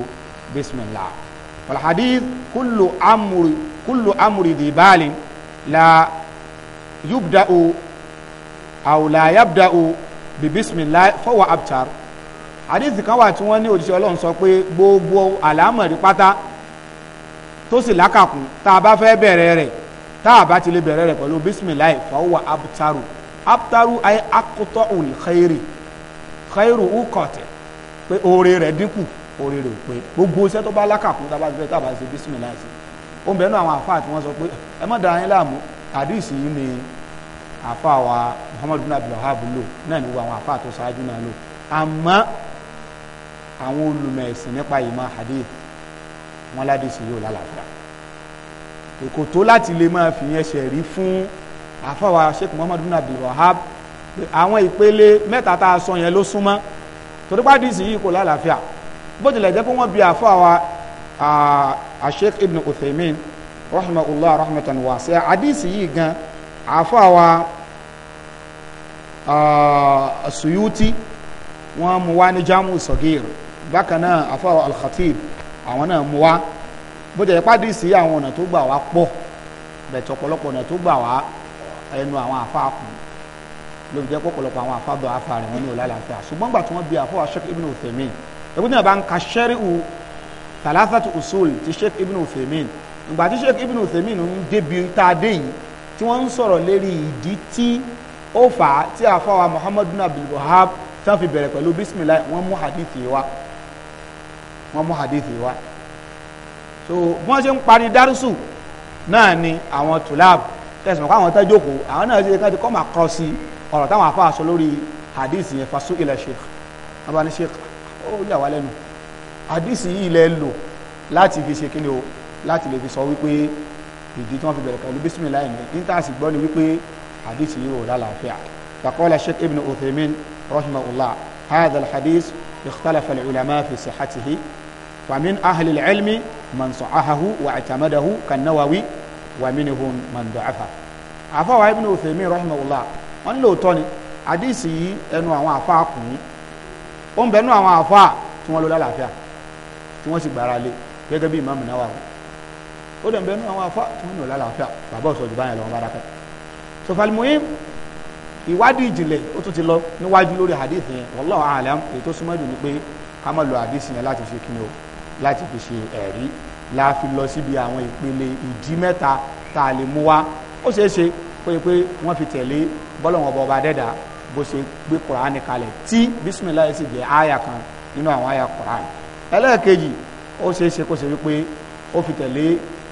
bisimilayi والحديث كل أمر كل أمر ذي بال لا يبدأ أو لا يبدأ ببسم الله فهو أبتر àdìsí kan wà tí wọ́n ní òjíṣẹ́ ọlọ́run sọ pé gbogbo àlámọ̀rí pátá tó sì lákàkún tá a bá fẹ́ bẹ̀rẹ̀ rẹ̀ tá a bá ti lè bẹ̀rẹ̀ rẹ̀ pẹ̀lú bisimilayi fawwa abtaru abtaru ayé akutọ ul khayri khayru ukọ̀tẹ̀ pé oore rẹ̀ dínkù orí rẹ̀ pé gbogbo iṣẹ́ tó bá lákàkún tá a bá fẹ́ tá a bá ṣe bísímìlá sí ó ń bẹ nínú àwọn àfáà tí wọ́n sọ pé ẹ má dara yín láàmú àdìsí yìí ni àfáà wa Muhammadu bin Abdulwahab lò náà ni gbogbo àwọn àfáà tó ṣáájú náà lò àmọ́ àwọn olùmọ̀ ẹ̀sìn nípa ìmọ̀ hadith wọn ládìsí yóò lálàáfíà èkó tó láti lè máa fi yẹn ṣẹ̀rí fún àfáà wa Sheikh Muhammadu bin Abdulwahab àwọn ìpele mẹ́ta tá a sọ yẹn ló súnmọ́ torípàdìsí yìí kò lálàáfíà bó tilẹ̀ jẹ́ pé wọ́n bi àfọ́ àwa Sheikh Ibn Uthaymin rahmatulah rahmatan wasi'a àdìsí yìí gan àfọ́ àwa Suyuti wọ́n mú wá ní jamu sagir bákan náà àfọ́ àwa al-Khatib àwọn náà mú wá bó tilẹ̀ pàdìsí àwọn ọ̀nà tó gbà wá pọ̀ bẹ̀tẹ̀ ọ̀pọ̀lọpọ̀ ọ̀nà tó gbà wá ẹnu àwọn àfọ́ àkùn lóbi jẹ́ pọ̀pọ̀lọpọ̀ àwọn àfọ́ àbọ̀ àfọ́ rẹ̀ ní ọ̀làlàfẹ́ àṣùgbọ́n gbà tí wọ́n bi àfọ́ Sheikh Ibn Uthaymin ẹgbẹ́ tí wọ́n bá ń ka ṣẹ́ríù thalathatu usul ti sheikh ibn uthaymin ìgbà tí sheikh ibn uthaymin ń débi tá a dé yìí tí wọ́n ń sọ̀rọ̀ lérí ìdí tí ó fà á tí àfọwà muhammad bin abdul wahab tí wọ́n fi bẹ̀rẹ̀ pẹ̀lú bismillah wọ́n mú hadithi wa wọ́n mú hadithi wa so bí wọ́n ṣe ń parí dárúsù náà ni àwọn tulab tẹ̀sán kó àwọn tẹ́jọ́kù àwọn náà ṣe ká ti kọ́ máa kọ́ sí ọ̀rọ̀ táwọn afáàṣọ lórí hadith yẹn fasu ila sheikh abani sheikh ó yà wá lẹ́nu àdìsí yìí lẹ lò láti fi ṣe kíni o láti lè fi sọ wípé ìdí tí wọ́n fi bẹ̀rẹ̀ pẹ̀lú bísímìlá ẹ̀mí nítaàsì gbọ́ ni wípé àdìsí yìí ò lálàáfíà fàkọ́lá sheikh ibn uthaymin rahimahullah hadha alhadith ikhtalafa alulama fi sihatihi famin ahli alilmi man sa'ahahu wa i'tamadahu kannawawi wa minhum man da'afa àfọwà ibn uthaymin rahimahullah wọ́n ní lóòótọ́ ni àdìsí yìí ẹnu àwọn àfáà kùnrin ó ń bẹnu àwọn àfa tí wọ́n lò lálàáfíà tí wọ́n sì gbára lé gẹ́gẹ́ bí ìmáàmù náà wà wọ́n ó dẹ̀ ń bẹnu àwọn àfa tí wọ́n lò lálàáfíà bàbá òsòjù báyẹn lọ́wọ́ bára kẹ́kẹ́ sọfàlìmọ́yìn ìwádìí ìjìnlẹ̀ ó tún ti lọ níwájú lórí hadith yẹn wallahu a'lam ètò súnmọ́dù ni pé ká má lo hadith yẹn láti fi kíni o láti fi ṣe ẹ̀rí la fi lọ síbi àwọn ìpele ìdí mẹ́ta tá a lè mú wá ó ṣeé ṣe pé pé wọ́n fi tẹ̀lé bọ́lọ̀wọ̀n ọba ọba dẹ́dàá bó ṣe gbé kuraani kalẹ̀ tí bisimilayi sì jẹ́ àyà kan nínú àwọn àyà kuraani ẹlẹ́ẹ̀kejì ó ṣe é ṣe kó ṣe wípé ó fi tẹ̀lé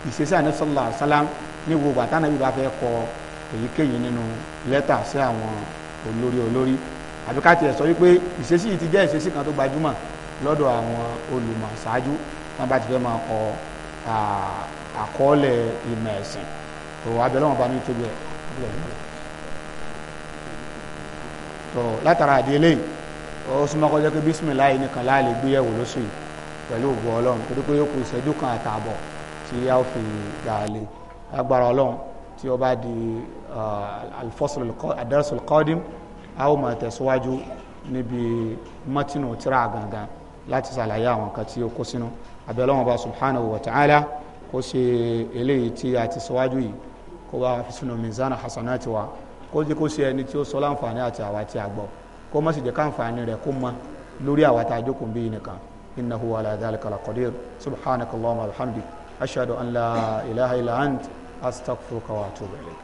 ìṣesí àní sallallahu alaihi wasallam ní gbogbo àtànàbí bá fẹ́ kọ èyíkéyìí nínú lẹ́tà sí àwọn olórí olórí àbí ká tiẹ̀ sọ wípé ìṣesí yìí ti jẹ́ ìṣesí kan tó gbajúmọ̀ lọ́dọ̀ àwọn olùmọ̀ ṣáájú wọn bá ti fẹ́ máa kọ àkọọ́lẹ̀ ìmọ̀ ẹ̀sìn òwò abẹ́lẹ́wọ̀n bá ní tóbi ẹ̀ tó látara àdílé ó súnmọ́ kọjá pé bísímìláì nìkan láàlè gbéyẹ̀wò lóṣù yìí pẹ̀lú ògbó ọlọ́run torí pé ó kù kan àtààbọ̀ tí a ó fi gàálé agbára ọlọ́run tí ó bá di uh, al-fasl al-qadim a ó máa tẹ̀síwájú níbi mọ́tínú tíra gangan láti ṣàlàyé àwọn nǹkan tí ó kó sínú abẹ́lọ́wọ́n bá subhanahu wa ta'ala kó ṣe eléyìí tí a ti ṣíwájú yìí kó bá fi sínú mizana hasanati wa kó jẹ́ kó ṣe ẹni tí ó sọ láǹfààní àti àwa tí a gbọ́ kó má sì jẹ́ káǹfààní rẹ̀ kó mọ lórí àwa tá a jókòó bí nìkan innahu ala dhalika laqadir subhanakallahumma wa bihamdik ashhadu an la ilaha illa ant astaghfiruka wa atubu ilayk